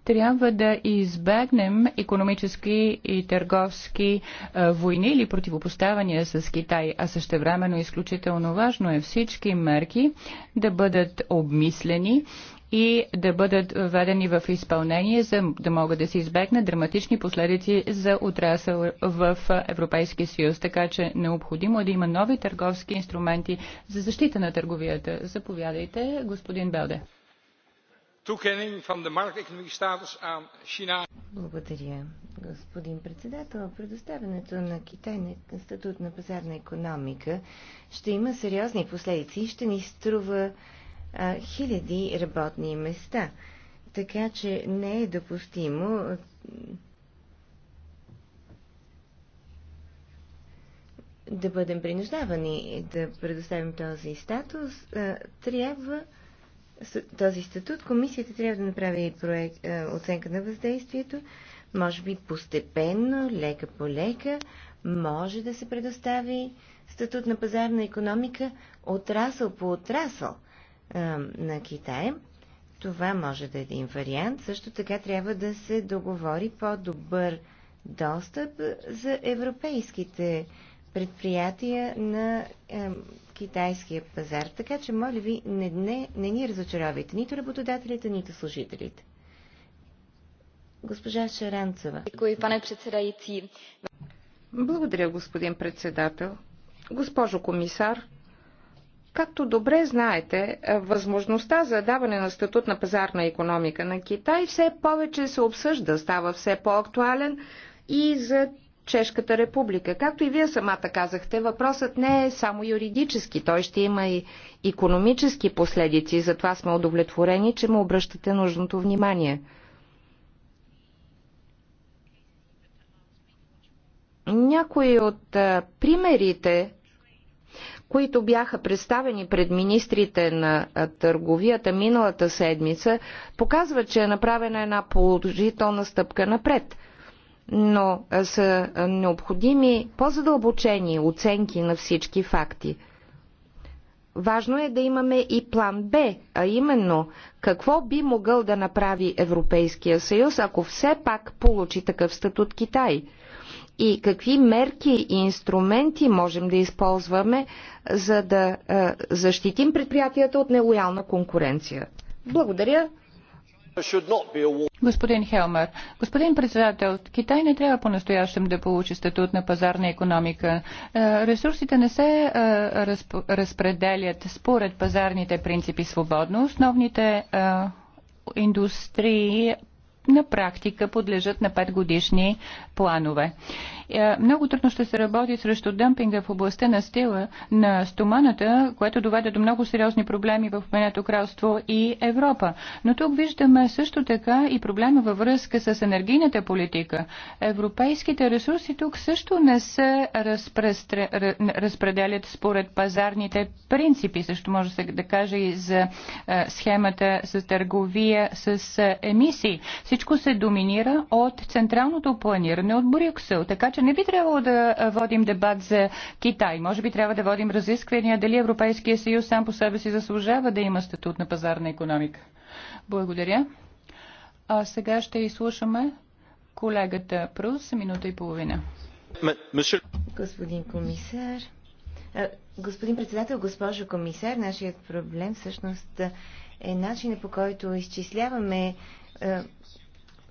Трябва да избегнем економически и търговски войни или противопоставяния с Китай, а също време времено изключително важно е всички мерки да бъдат обмислени и да бъдат введени в изпълнение, за да могат да се избегнат драматични последици за отрасъл в Европейския съюз. Така че необходимо е да има нови търговски инструменти за защита на търговията. Заповядайте, господин Белде toekenning van de markteconomie status aan China. Благодаря, господин председател. Предоставянето на Китай на статут на пазарна економика ще има сериозни последици и ще ни струва а, хиляди работни места. Така че не е допустимо да бъдем принуждавани да предоставим този статус. А, трябва този статут, комисията трябва да направи проект, е, оценка на въздействието, може би постепенно, лека по лека, може да се предостави статут на пазарна економика отрасъл по отрасъл е, на Китай. Това може да е един вариант. Също така трябва да се договори по-добър достъп за европейските предприятия на е, китайския пазар. Така че, моля ви, не, не, не ни разочаровайте нито работодателите, нито служителите. Госпожа Шаранцева. Благодаря, господин председател. Госпожо комисар, Както добре знаете, възможността за даване на статут на пазарна економика на Китай все повече се обсъжда, става все по-актуален и за Чешката република. Както и вие самата казахте, въпросът не е само юридически, той ще има и економически последици, затова сме удовлетворени, че му обръщате нужното внимание. Някои от а, примерите, които бяха представени пред министрите на търговията миналата седмица, показват, че е направена една положителна стъпка напред – но са необходими по-задълбочени оценки на всички факти. Важно е да имаме и план Б, а именно какво би могъл да направи Европейския съюз, ако все пак получи такъв статут Китай и какви мерки и инструменти можем да използваме, за да защитим предприятията от нелоялна конкуренция. Благодаря. Господин Хелмер, господин председател, Китай не трябва по-настоящем да получи статут на пазарна економика. Е, ресурсите не се е, разпределят според пазарните принципи свободно. Основните е, индустрии на практика подлежат на 5 годишни планове. Е, много трудно ще се работи срещу дъмпинга в областта на стила на стоманата, което доведе до много сериозни проблеми в Менето кралство и Европа. Но тук виждаме също така и проблема във връзка с енергийната политика. Европейските ресурси тук също не се разпределят според пазарните принципи. Също може да се да каже и за е, схемата с търговия с е, емисии. Всичко се доминира от централното планиране от Брюксел, така че че не би трябвало да водим дебат за Китай. Може би трябва да водим разисквания дали Европейския съюз сам по себе си заслужава да има статут на пазарна економика. Благодаря. А сега ще изслушаме колегата Прус, минута и половина. Господин комисар, господин председател, госпожо комисар, нашият проблем всъщност е начинът по който изчисляваме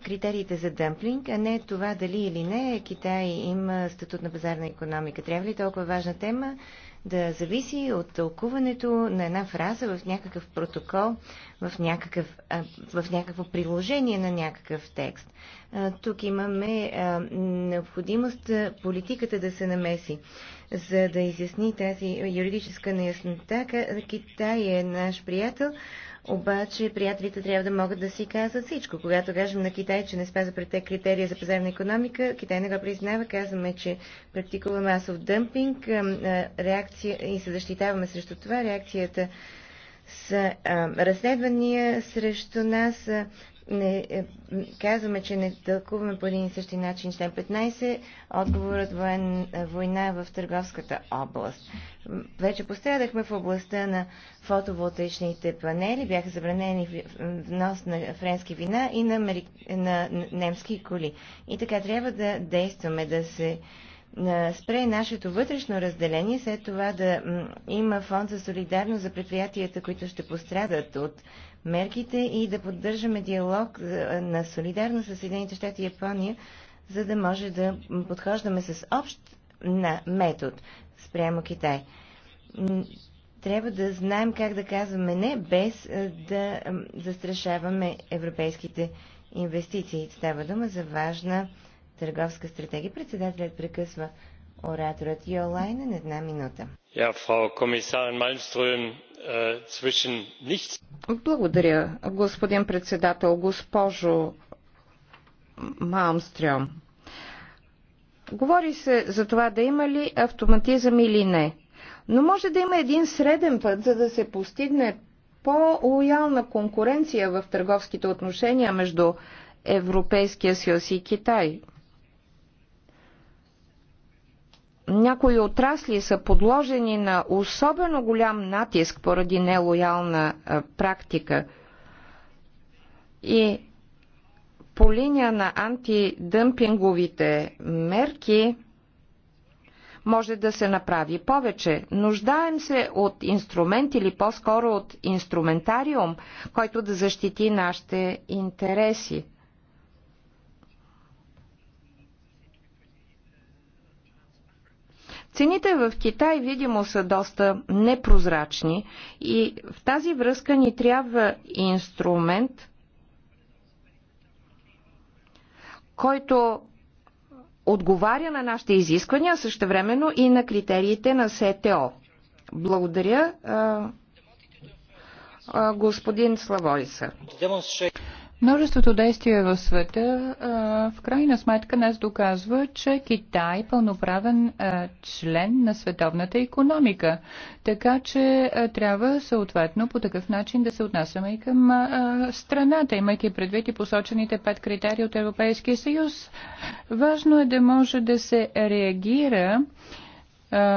критериите за дъмплинг, а не това дали или не Китай има статут на пазарна економика. Трябва ли толкова важна тема да зависи от тълкуването на една фраза в някакъв протокол, в, някакъв, в някакво приложение на някакъв текст? Тук имаме необходимост политиката да се намеси. За да изясни тази юридическа неяснота, Китай е наш приятел, обаче приятелите трябва да могат да си казват всичко. Когато кажем на Китай, че не спазва пред те критерия за пазарна економика, Китай не го признава. Казваме, че практикува масов дъмпинг реакция, и се защитаваме срещу това. Реакцията са а, разследвания срещу нас, а, не е, казваме, че не тълкуваме по един и същи начин член 15, отговорът воен, война в търговската област. Вече пострадахме в областта на фотоволтаичните панели, бяха забранени внос на френски вина и на, на немски коли. И така трябва да действаме, да се е, спре нашето вътрешно разделение, след това да има фонд за солидарност за предприятията, които ще пострадат от мерките и да поддържаме диалог е, на солидарност с Съединените щати и Япония, за да може да подхождаме с общ метод спрямо Китай. Трябва да знаем как да казваме не, без е, да застрашаваме европейските инвестиции. Става дума за важна търговска стратегия. Председателят прекъсва ораторът на една минута. Ja, Frau Kommissarin Malmström, äh, zwischen nichts... Благодаря, господин председател, госпожо Малмстрем. Говори се за това да има ли автоматизъм или не. Но може да има един среден път, за да се постигне по-лоялна конкуренция в търговските отношения между Европейския съюз и Китай. някои отрасли са подложени на особено голям натиск поради нелоялна практика и по линия на антидъмпинговите мерки може да се направи повече. Нуждаем се от инструмент или по-скоро от инструментариум, който да защити нашите интереси. Цените в Китай видимо са доста непрозрачни и в тази връзка ни трябва инструмент, който отговаря на нашите изисквания, също времено и на критериите на СТО. Благодаря, господин Славойса. Множеството действия в света в крайна сметка днес доказва, че Китай е пълноправен член на световната економика. Така че трябва съответно по такъв начин да се отнасяме и към страната, имайки предвид и посочените пет критерии от Европейския съюз. Важно е да може да се реагира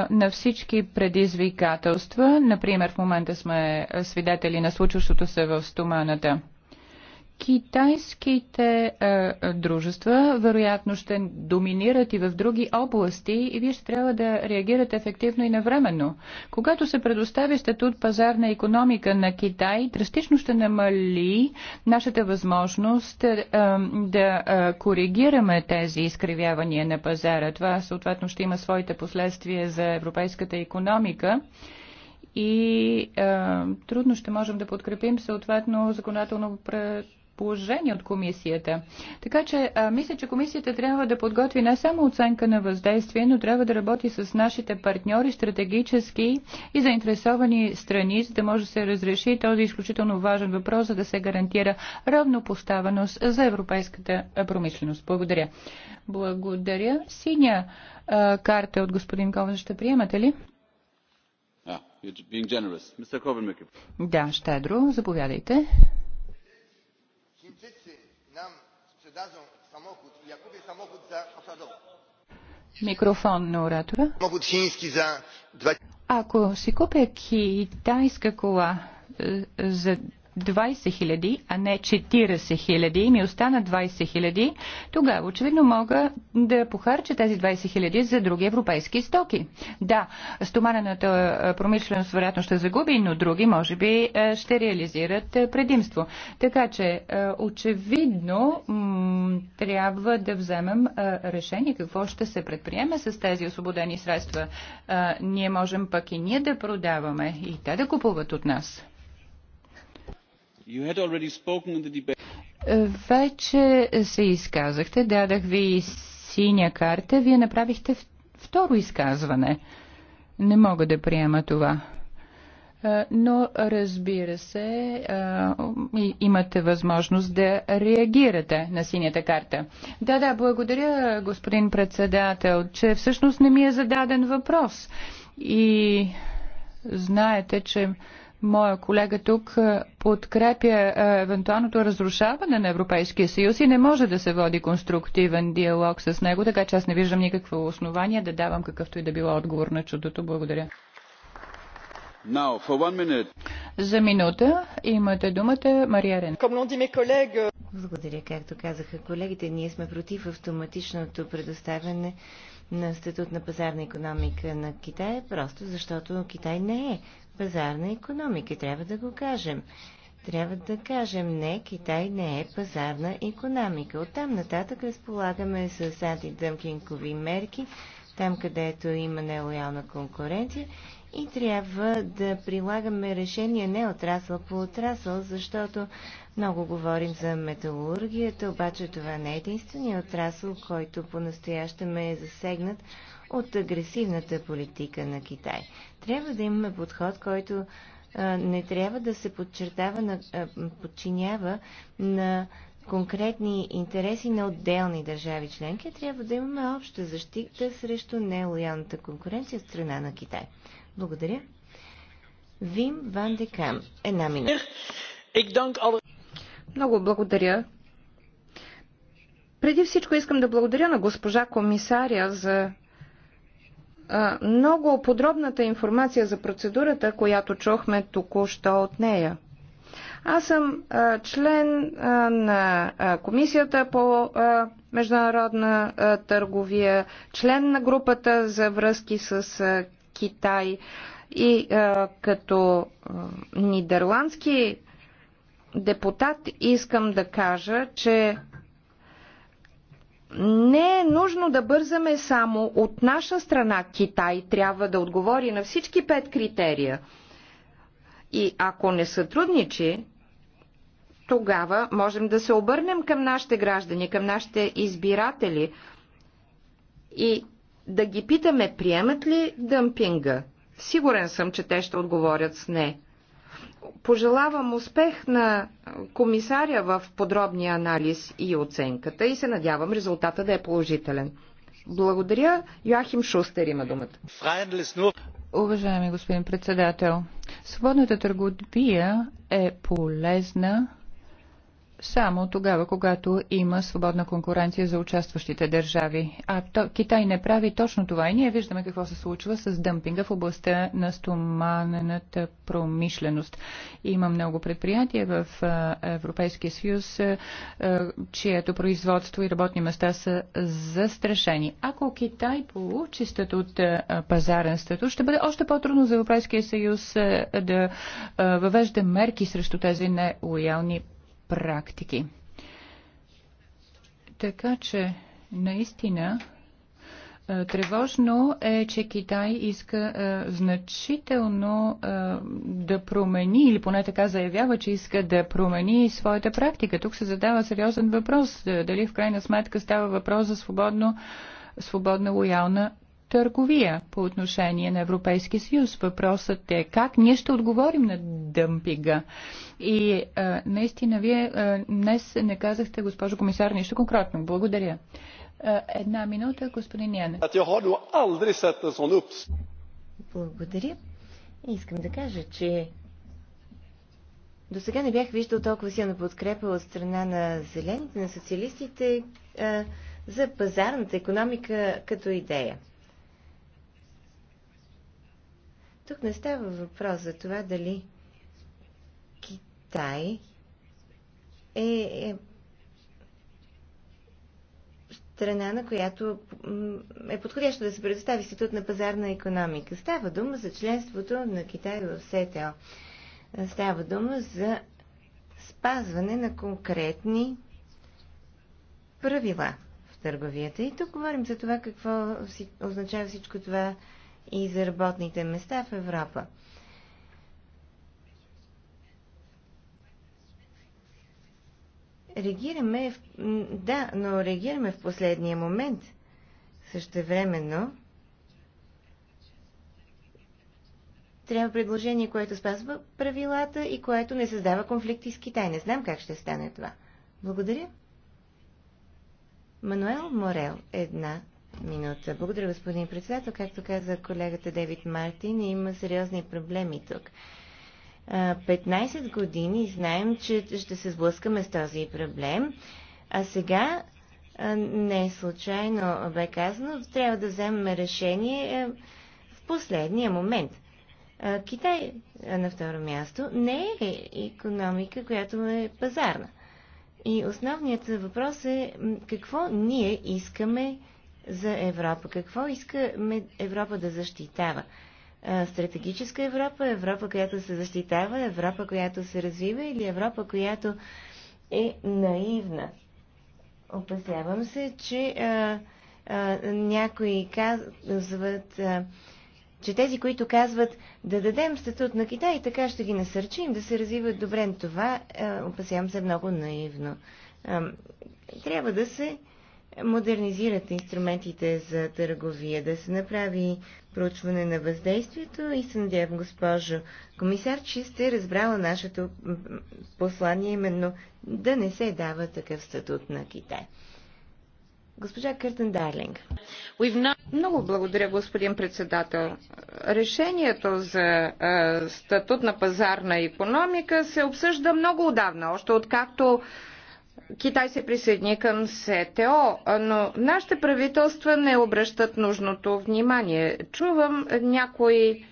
на всички предизвикателства. Например, в момента сме свидетели на случващото се в стоманата китайските е, е, дружества вероятно ще доминират и в други области и вие ще трябва да реагирате ефективно и навременно. Когато се предостави статут пазарна економика на Китай, драстично ще намали нашата възможност е, е да е, коригираме тези изкривявания на пазара. Това съответно ще има своите последствия за европейската економика и е, трудно ще можем да подкрепим съответно законодателно пред положение от комисията. Така че а, мисля, че комисията трябва да подготви не само оценка на въздействие, но трябва да работи с нашите партньори, стратегически и заинтересовани страни, за да може да се разреши този изключително важен въпрос, за да се гарантира равнопоставеност за европейската промишленост. Благодаря. Благодаря. Синя а, карта от господин Ковен ще приемате ли? Ah, да, щедро. Заповядайте. продажам самоход и я купя самоход за Микрофон на оратора. Самоход шински за... Ако си купя китайска кола е, за 20 хиляди, а не 40 хиляди и ми остана 20 хиляди, тогава очевидно мога да похарча тези 20 хиляди за други европейски стоки. Да, стоманената промишленост вероятно ще загуби, но други може би ще реализират предимство. Така че очевидно трябва да вземем решение какво ще се предприеме с тези освободени средства. Ние можем пък и ние да продаваме и те да купуват от нас. Вече се изказахте, дадах ви синя карта, вие направихте второ изказване. Не мога да приема това. Е, но, разбира се, е, имате възможност да реагирате на синята карта. Да, да, благодаря, господин председател, че всъщност не ми е зададен въпрос. И знаете, че моя колега тук е, подкрепя е, евентуалното разрушаване на Европейския съюз и не може да се води конструктивен диалог с него, така че аз не виждам никакво основание да давам какъвто и да било отговор на чудото. Благодаря. Now, for one minute. За минута имате думата Мария Рен. Благодаря. Както казаха колегите, ние сме против автоматичното предоставяне на статут на пазарна економика на Китай, просто защото Китай не е пазарна економика. И трябва да го кажем. Трябва да кажем, не, Китай не е пазарна економика. Оттам нататък разполагаме с антидъмкингови мерки, там където има нелоялна конкуренция и трябва да прилагаме решения не отрасъл по отрасъл, защото много говорим за металургията, обаче това не е единствения отрасъл, който по-настоящем е засегнат от агресивната политика на Китай. Трябва да имаме подход, който не трябва да се подчертава на, подчинява на конкретни интереси на отделни държави членки, трябва да имаме обща защита срещу нелоялната конкуренция от страна на Китай. Благодаря. Вим Ван Декам. Една минута. Много благодаря. Преди всичко искам да благодаря на госпожа комисаря за много подробната информация за процедурата, която чухме току-що от нея. Аз съм а, член а, на а, Комисията по а, международна а, търговия, член на групата за връзки с а, Китай и а, като а, нидерландски депутат искам да кажа, че не е нужно да бързаме само от наша страна Китай трябва да отговори на всички пет критерия. И ако не сътрудничи, тогава можем да се обърнем към нашите граждани, към нашите избиратели и да ги питаме, приемат ли дъмпинга. Сигурен съм, че те ще отговорят с не пожелавам успех на комисаря в подробния анализ и оценката и се надявам резултата да е положителен. Благодаря. Йоахим Шустер има думата. Уважаеми господин председател, свободната търговия е полезна само тогава, когато има свободна конкуренция за участващите държави. А то, Китай не прави точно това и ние виждаме какво се случва с дъмпинга в областта на стоманената промишленост. Има много предприятия в Европейския съюз, чието производство и работни места са застрашени. Ако Китай получи статут пазарен статут, ще бъде още по-трудно за Европейския съюз да въвежда мерки срещу тези нелоялни практики. Така че, наистина, е, Тревожно е, че Китай иска е, значително е, да промени, или поне така заявява, че иска да промени своята практика. Тук се задава сериозен въпрос. Дали в крайна сметка става въпрос за свободно, свободна лоялна търговия по отношение на Европейски съюз. Въпросът е как ние ще отговорим на дъмпига. И а, е, наистина вие а, е, днес не казахте, госпожо комисар, нищо конкретно. Благодаря. А, е, една минута, господин Янев. Благодаря. Искам да кажа, че до сега не бях виждал толкова силна подкрепа от страна на зелените, на социалистите а, за пазарната економика като идея. Тук не става въпрос за това дали Китай е, е страна, на която е подходящо да се предостави статут на пазарна економика. Става дума за членството на Китай в СТО. Става дума за спазване на конкретни правила в търговията. И тук говорим за това какво означава всичко това и за работните места в Европа. Реагираме, в... да, но реагираме в последния момент. Същевременно трябва предложение, което спазва правилата и което не създава конфликти с Китай. Не знам как ще стане това. Благодаря. Мануел Морел, една минута. Благодаря, господин председател. Както каза колегата Девид Мартин, има сериозни проблеми тук. 15 години знаем, че ще се сблъскаме с този проблем, а сега не е случайно бе казано, трябва да вземем решение е, в последния момент. Китай е, на второ място не е економика, която е пазарна. И основният въпрос е какво ние искаме за Европа. Какво искаме Европа да защитава? Стратегическа Европа, Европа, която се защитава, Европа, която се развива или Европа, която е наивна? Опасявам се, че а, а, някои казват, а, че тези, които казват да дадем статут на Китай, така ще ги насърчим да се развиват добре. Това, а, опасявам се, е много наивно. А, трябва да се модернизират инструментите за търговия, да се направи проучване на въздействието и се надявам, госпожо комисар, че сте разбрала нашето послание, именно да не се дава такъв статут на Китай. Госпожа Къртен Дарлинг. Много благодаря, господин председател. Решението за статут на пазарна економика се обсъжда много отдавна, още откакто Китай се присъедини към СТО, но нашите правителства не обръщат нужното внимание. Чувам някои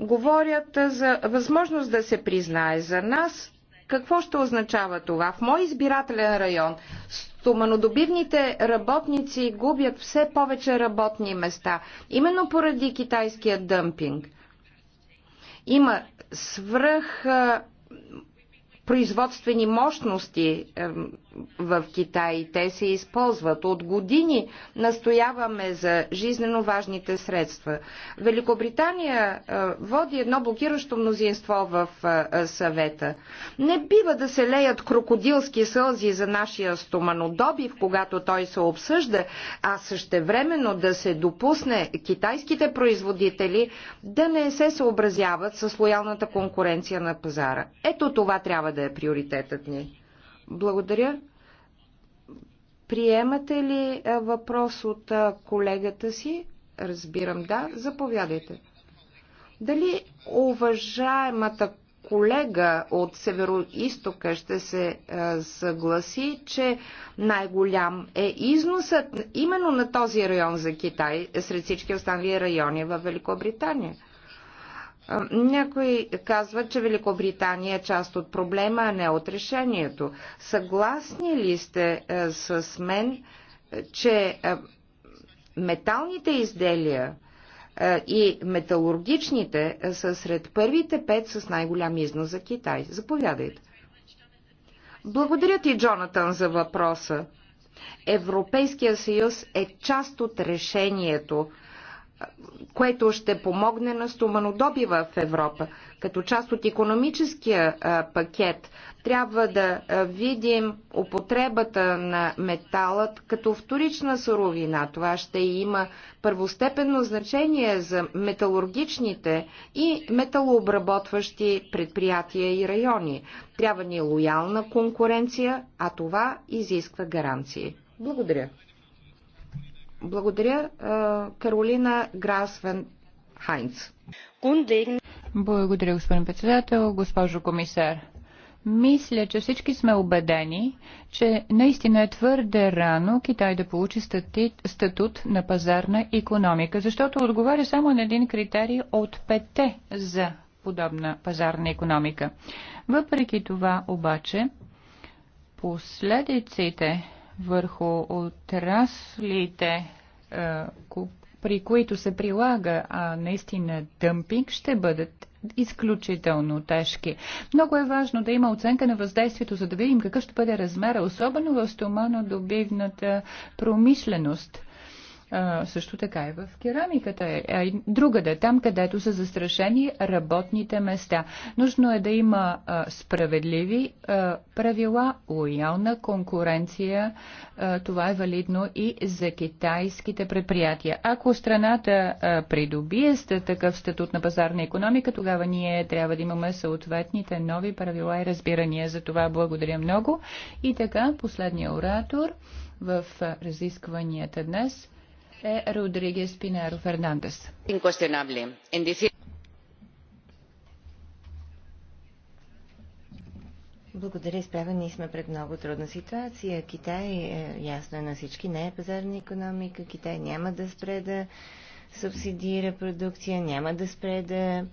говорят за възможност да се признае за нас. Какво ще означава това? В мой избирателен район стоманодобивните работници губят все повече работни места, именно поради китайския дъмпинг. Има свръх производствени мощности в Китай и те се използват. От години настояваме за жизнено важните средства. Великобритания води едно блокиращо мнозинство в съвета. Не бива да се леят крокодилски сълзи за нашия стоманодобив, когато той се обсъжда, а същевременно да се допусне китайските производители да не се съобразяват с лоялната конкуренция на пазара. Ето това трябва да е приоритетът ни. Благодаря. Приемате ли въпрос от колегата си? Разбирам, да. Заповядайте. Дали уважаемата колега от Северо-Истока ще се съгласи, че най-голям е износът именно на този район за Китай сред всички останали райони в Великобритания? Някои казват, че Великобритания е част от проблема, а не от решението. Съгласни ли сте е, с мен, е, че е, металните изделия и металургичните са сред първите пет с най-голям износ за Китай? Заповядайте. Благодаря ти, Джонатан, за въпроса. Европейския съюз е част от решението което ще помогне на стоманодобива в Европа. Като част от економическия пакет трябва да видим употребата на металът като вторична суровина. Това ще има първостепенно значение за металургичните и металообработващи предприятия и райони. Трябва ни лоялна конкуренция, а това изисква гаранции. Благодаря. Благодаря, Каролина Грасвен Хайнц. Благодаря, господин председател, госпожо комисар. Мисля, че всички сме убедени, че наистина е твърде рано Китай да получи стати... статут на пазарна економика, защото отговаря само на един критерий от пете за подобна пазарна економика. Въпреки това обаче, последиците върху отраслите, е, при които се прилага а наистина дъмпинг, ще бъдат изключително тежки. Много е важно да има оценка на въздействието, за да видим какъв ще бъде размера, особено в стоманодобивната промишленост също така и в керамиката, е, а и другаде, там където са застрашени работните места. Нужно е да има справедливи правила, лоялна конкуренция. Това е валидно и за китайските предприятия. Ако страната придобие такъв статут на пазарна економика, тогава ние трябва да имаме съответните нови правила и разбирания. За това благодаря много. И така, последния оратор в разискванията днес – е Родригес Пинеро Фернандес. Благодаря. изправа. Ние сме пред много трудна ситуация. Китай, е, ясно е на всички, не е пазарна економика. Китай няма да спре да субсидира продукция, няма да спре да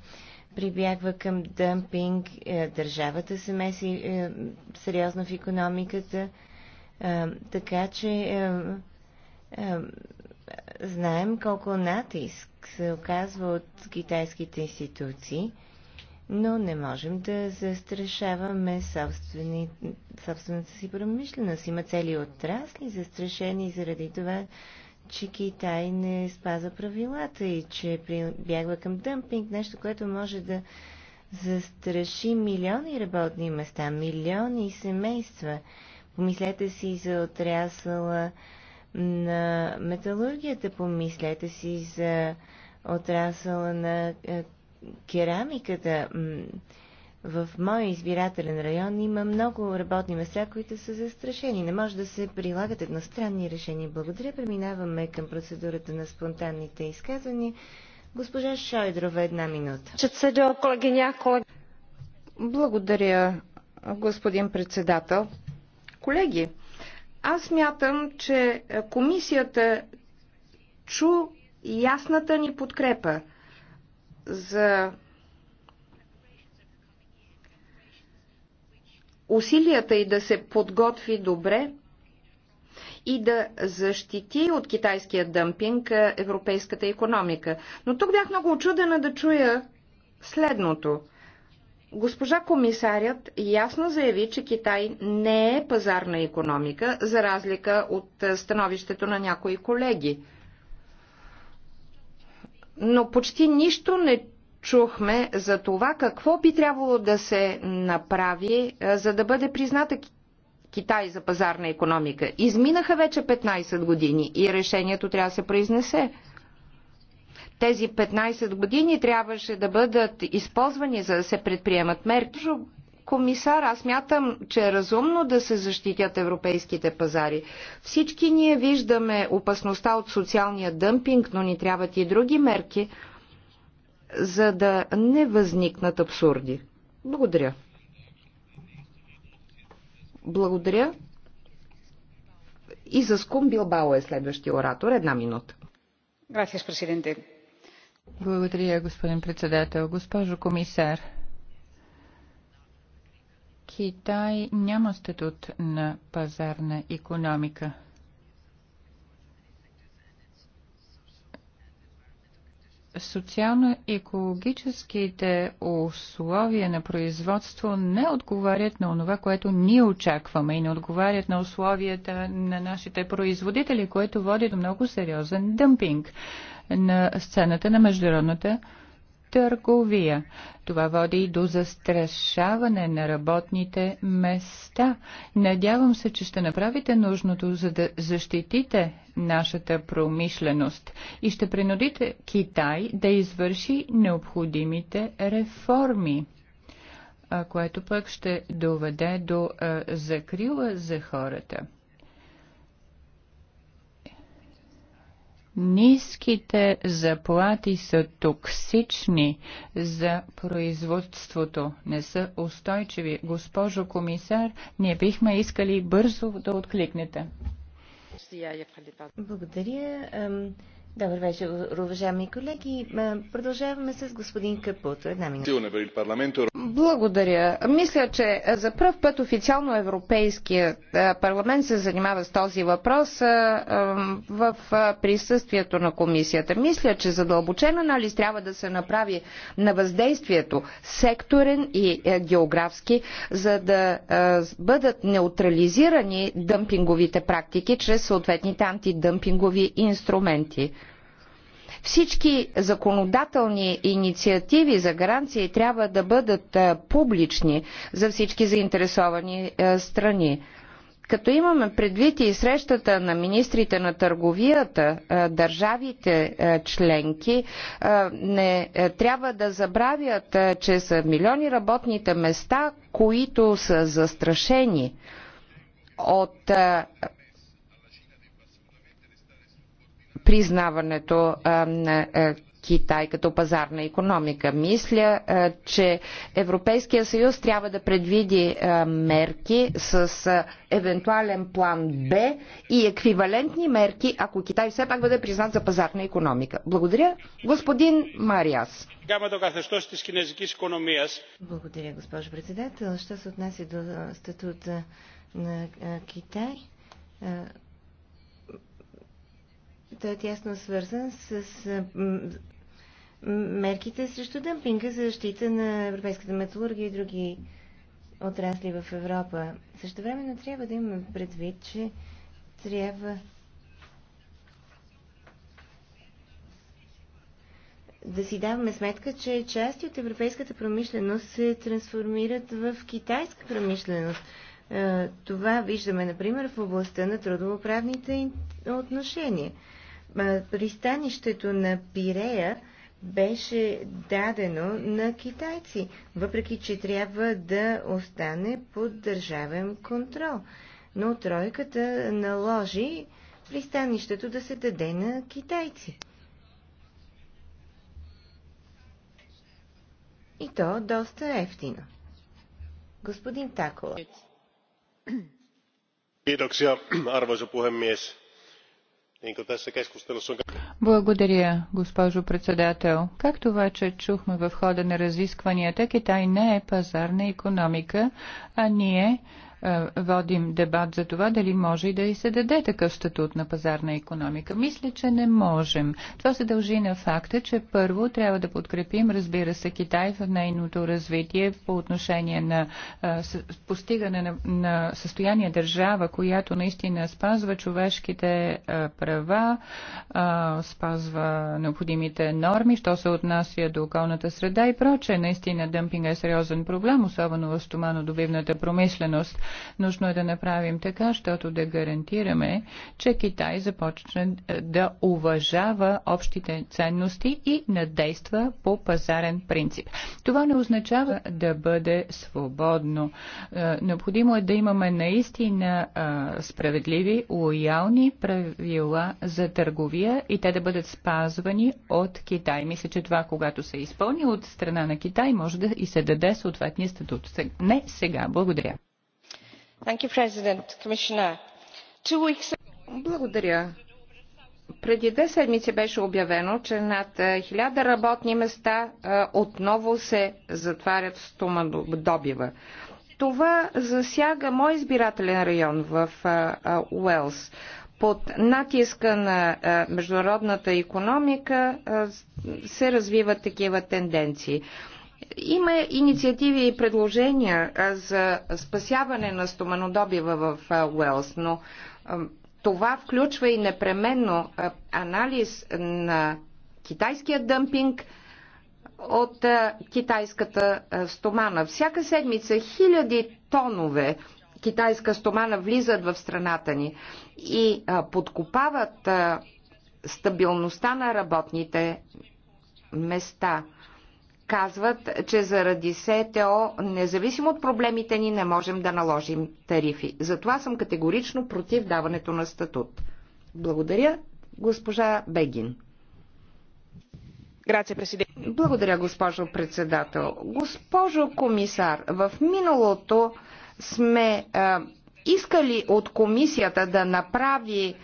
прибягва към дъмпинг. Е, държавата се меси е, сериозно в економиката. Така че знаем колко натиск се оказва от китайските институции, но не можем да застрашаваме собствени, собствената си промишленост. Има цели отрасли застрашени заради това, че Китай не спаза правилата и че бягва към дъмпинг, нещо, което може да застраши милиони работни места, милиони семейства. Помислете си за отрясала на металургията. Помислете си за отрасъла на е, керамиката. В моя избирателен район има много работни места, които са застрашени. Не може да се прилагат едностранни решения. Благодаря. Преминаваме към процедурата на спонтанните изказвания. Госпожа Шойдрова, една минута. Благодаря, господин председател. Колеги, аз мятам, че е, комисията чу ясната ни подкрепа за усилията и да се подготви добре и да защити от китайския дъмпинг е, европейската економика. Но тук бях много очудена да чуя следното – Госпожа комисарят ясно заяви, че Китай не е пазарна економика, за разлика от е, становището на някои колеги. Но почти нищо не чухме за това какво би трябвало да се направи, е, за да бъде призната Китай за пазарна економика. Изминаха вече 15 години и решението трябва да се произнесе. Тези 15 години трябваше да бъдат използвани, за да се предприемат мерки. Комисар, аз мятам, че е разумно да се защитят европейските пазари. Всички ние виждаме опасността от социалния дъмпинг, но ни трябват и други мерки, за да не възникнат абсурди. Благодаря. Благодаря. И за Скум Билбао е следващия оратор. Една минута. Gracias, presidente. Благодаря, господин председател. Госпожо комисар, Китай няма статут на пазарна економика. социално-екологическите условия на производство не отговарят на това, което ние очакваме и не отговарят на условията на нашите производители, което води до много сериозен дъмпинг на сцената на международната търговия. Това води и до застрашаване на работните места. Надявам се, че ще направите нужното, за да защитите нашата промишленост и ще принудите Китай да извърши необходимите реформи което пък ще доведе до закрила за хората. Ниските заплати са токсични за производството, не са устойчиви. Госпожо комисар, ние бихме искали бързо да откликнете. Благодаря. Добър вечер, уважаеми колеги. Продължаваме с господин Капут. Една минута. Благодаря. Мисля, че за първ път официално Европейският парламент се занимава с този въпрос в присъствието на комисията. Мисля, че задълбочен анализ трябва да се направи на въздействието секторен и е, географски, за да бъдат неутрализирани дъмпинговите практики чрез съответните антидъмпингови инструменти. Всички законодателни инициативи за гаранции трябва да бъдат публични за всички заинтересовани страни. Като имаме предвид и срещата на министрите на търговията, държавите членки не трябва да забравят, че са милиони работните места, които са застрашени от признаването на Китай като пазарна економика. Мисля, че Европейския съюз трябва да предвиди мерки с евентуален план Б и еквивалентни мерки, ако Китай все пак бъде признат за пазарна економика. Благодаря, господин Мариас. Благодаря, госпожо председател. Що се отнася до статута на Китай? той е тясно свързан с мерките срещу дъмпинга за защита на европейската металургия и други отрасли в Европа. Също времено трябва да имаме предвид, че трябва да си даваме сметка, че части от европейската промишленост се трансформират в китайска промишленост. Е, това виждаме, например, в областта на трудовоправните отношения. Пристанището на Пирея беше дадено на китайци, въпреки че трябва да остане под държавен контрол. Но тройката наложи пристанището да се даде на китайци. И то доста ефтино. Господин Такола. Kiitoksia, arvoisa puhemies. Благодаря, госпожо председател. Както вече чухме в хода на разискванията, Китай не е пазарна економика, а ние е, водим дебат за това дали може и да и се даде такъв статут на пазарна економика. Мисля, че не можем. Това се дължи на факта, че първо трябва да подкрепим, разбира се, Китай в нейното развитие по отношение на е, постигане на, на състояние държава, която наистина спазва човешките е, права, спазва необходимите норми, що се отнася до околната среда и прочее. Наистина дъмпинга е сериозен проблем, особено в стоманодобивната промисленост. Нужно е да направим така, защото да гарантираме, че Китай започне е, да уважава общите ценности и надейства по пазарен принцип. Това не означава да бъде свободно. Е, необходимо е да имаме наистина е, справедливи, лоялни правила за търговия и те да бъдат спазвани от Китай. Мисля, че това, когато се изпълни от страна на Китай, може да и се даде съответния статут. Не сега. Благодаря. Благодаря. Преди две седмици беше обявено, че над е, хиляда работни места е, отново се затварят в стоманодобива. Това засяга мой избирателен район в е, Уелс. Под натиска на международната економика се развиват такива тенденции. Има инициативи и предложения за спасяване на стоманодобива в Уелс, но това включва и непременно анализ на китайския дъмпинг от китайската стомана. Всяка седмица хиляди тонове китайска стомана влизат в страната ни и подкопават стабилността на работните места – казват, че заради СТО, независимо от проблемите ни, не можем да наложим тарифи. Затова съм категорично против даването на статут. Благодаря, госпожа Бегин. Благодаря, госпожо председател. Госпожо комисар, в миналото сме а, искали от комисията да направи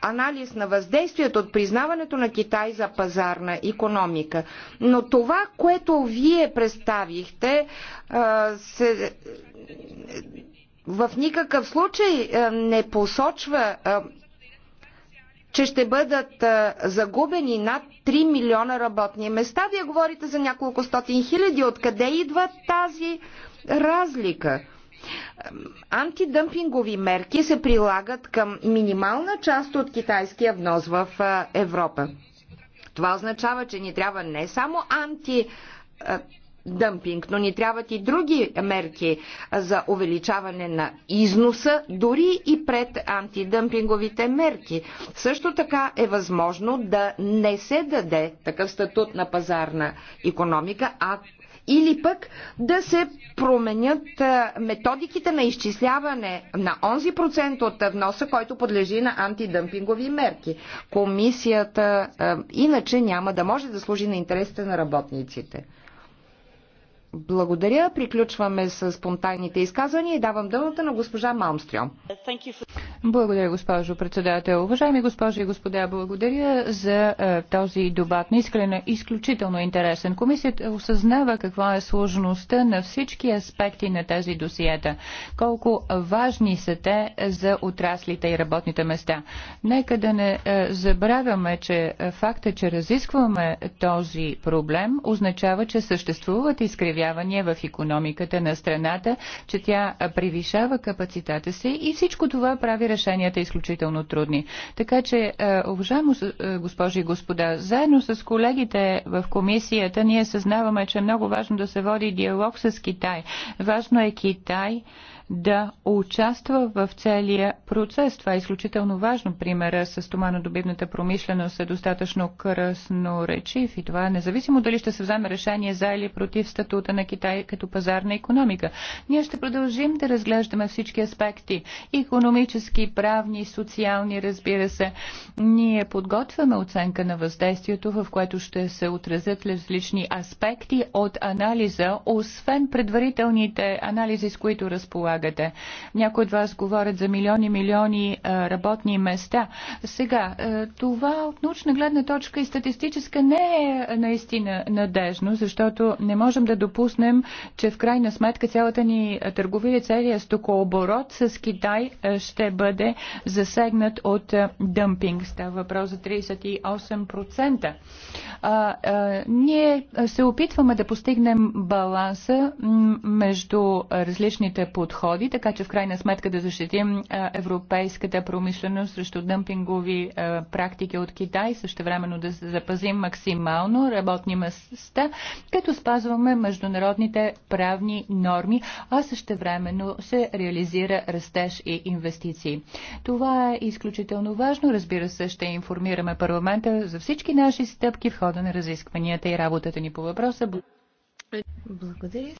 анализ на въздействието от признаването на Китай за пазарна економика. Но това, което вие представихте, се, в никакъв случай не посочва че ще бъдат загубени над 3 милиона работни места. Вие говорите за няколко стотин хиляди. Откъде идва тази разлика? Антидъмпингови мерки се прилагат към минимална част от китайския внос в Европа. Това означава, че ни трябва не само анти дъмпинг, но ни трябват и други мерки за увеличаване на износа, дори и пред антидъмпинговите мерки. Също така е възможно да не се даде такъв статут на пазарна економика, а или пък да се променят методиките на изчисляване на онзи процент от вноса, който подлежи на антидъмпингови мерки. Комисията иначе няма да може да служи на интересите на работниците. Благодаря. Приключваме с спонтанните изказвания и давам думата на госпожа Малмстрём. Благодаря, госпожо председател. Уважаеми госпожи и господа, благодаря за е, този дебат. Наискрена е изключително интересен. Комисията осъзнава каква е сложността на всички аспекти на тези досиета. Колко важни са те за отраслите и работните места. Нека да не е, забравяме, че факта, че разискваме този проблем, означава, че съществуват изкривени изкривявания в економиката на страната, че тя превишава капацитата си и всичко това прави решенията изключително трудни. Така че, е, уважаемо е, госпожи и господа, заедно с колегите в комисията ние съзнаваме, че е много важно да се води диалог с Китай. Важно е Китай да участва в целия процес. Това е изключително важно. Примера с туманодобивната промишленост е достатъчно красноречив и това е независимо дали ще се вземе решение за или против статута на Китай като пазарна економика. Ние ще продължим да разглеждаме всички аспекти. Економически, правни, социални, разбира се. Ние подготвяме оценка на въздействието, в което ще се отразят различни аспекти от анализа, освен предварителните анализи, с които разполагаме предлагате. Някои от вас говорят за милиони, милиони е, работни места. Сега, е, това от научна гледна точка и статистическа не е наистина надежно, защото не можем да допуснем, че в крайна сметка цялата ни търговия, целият стокооборот с Китай е, ще бъде засегнат от дъмпинг. Става въпрос за 38%. А, а, ние се опитваме да постигнем баланса между различните подходи подходи, така че в крайна сметка да защитим европейската промишленост срещу дъмпингови практики от Китай, също времено да запазим максимално работни места, като спазваме международните правни норми, а също времено се реализира растеж и инвестиции. Това е изключително важно. Разбира се, ще информираме парламента за всички наши стъпки в хода на разискванията и работата ни по въпроса. Благодаря.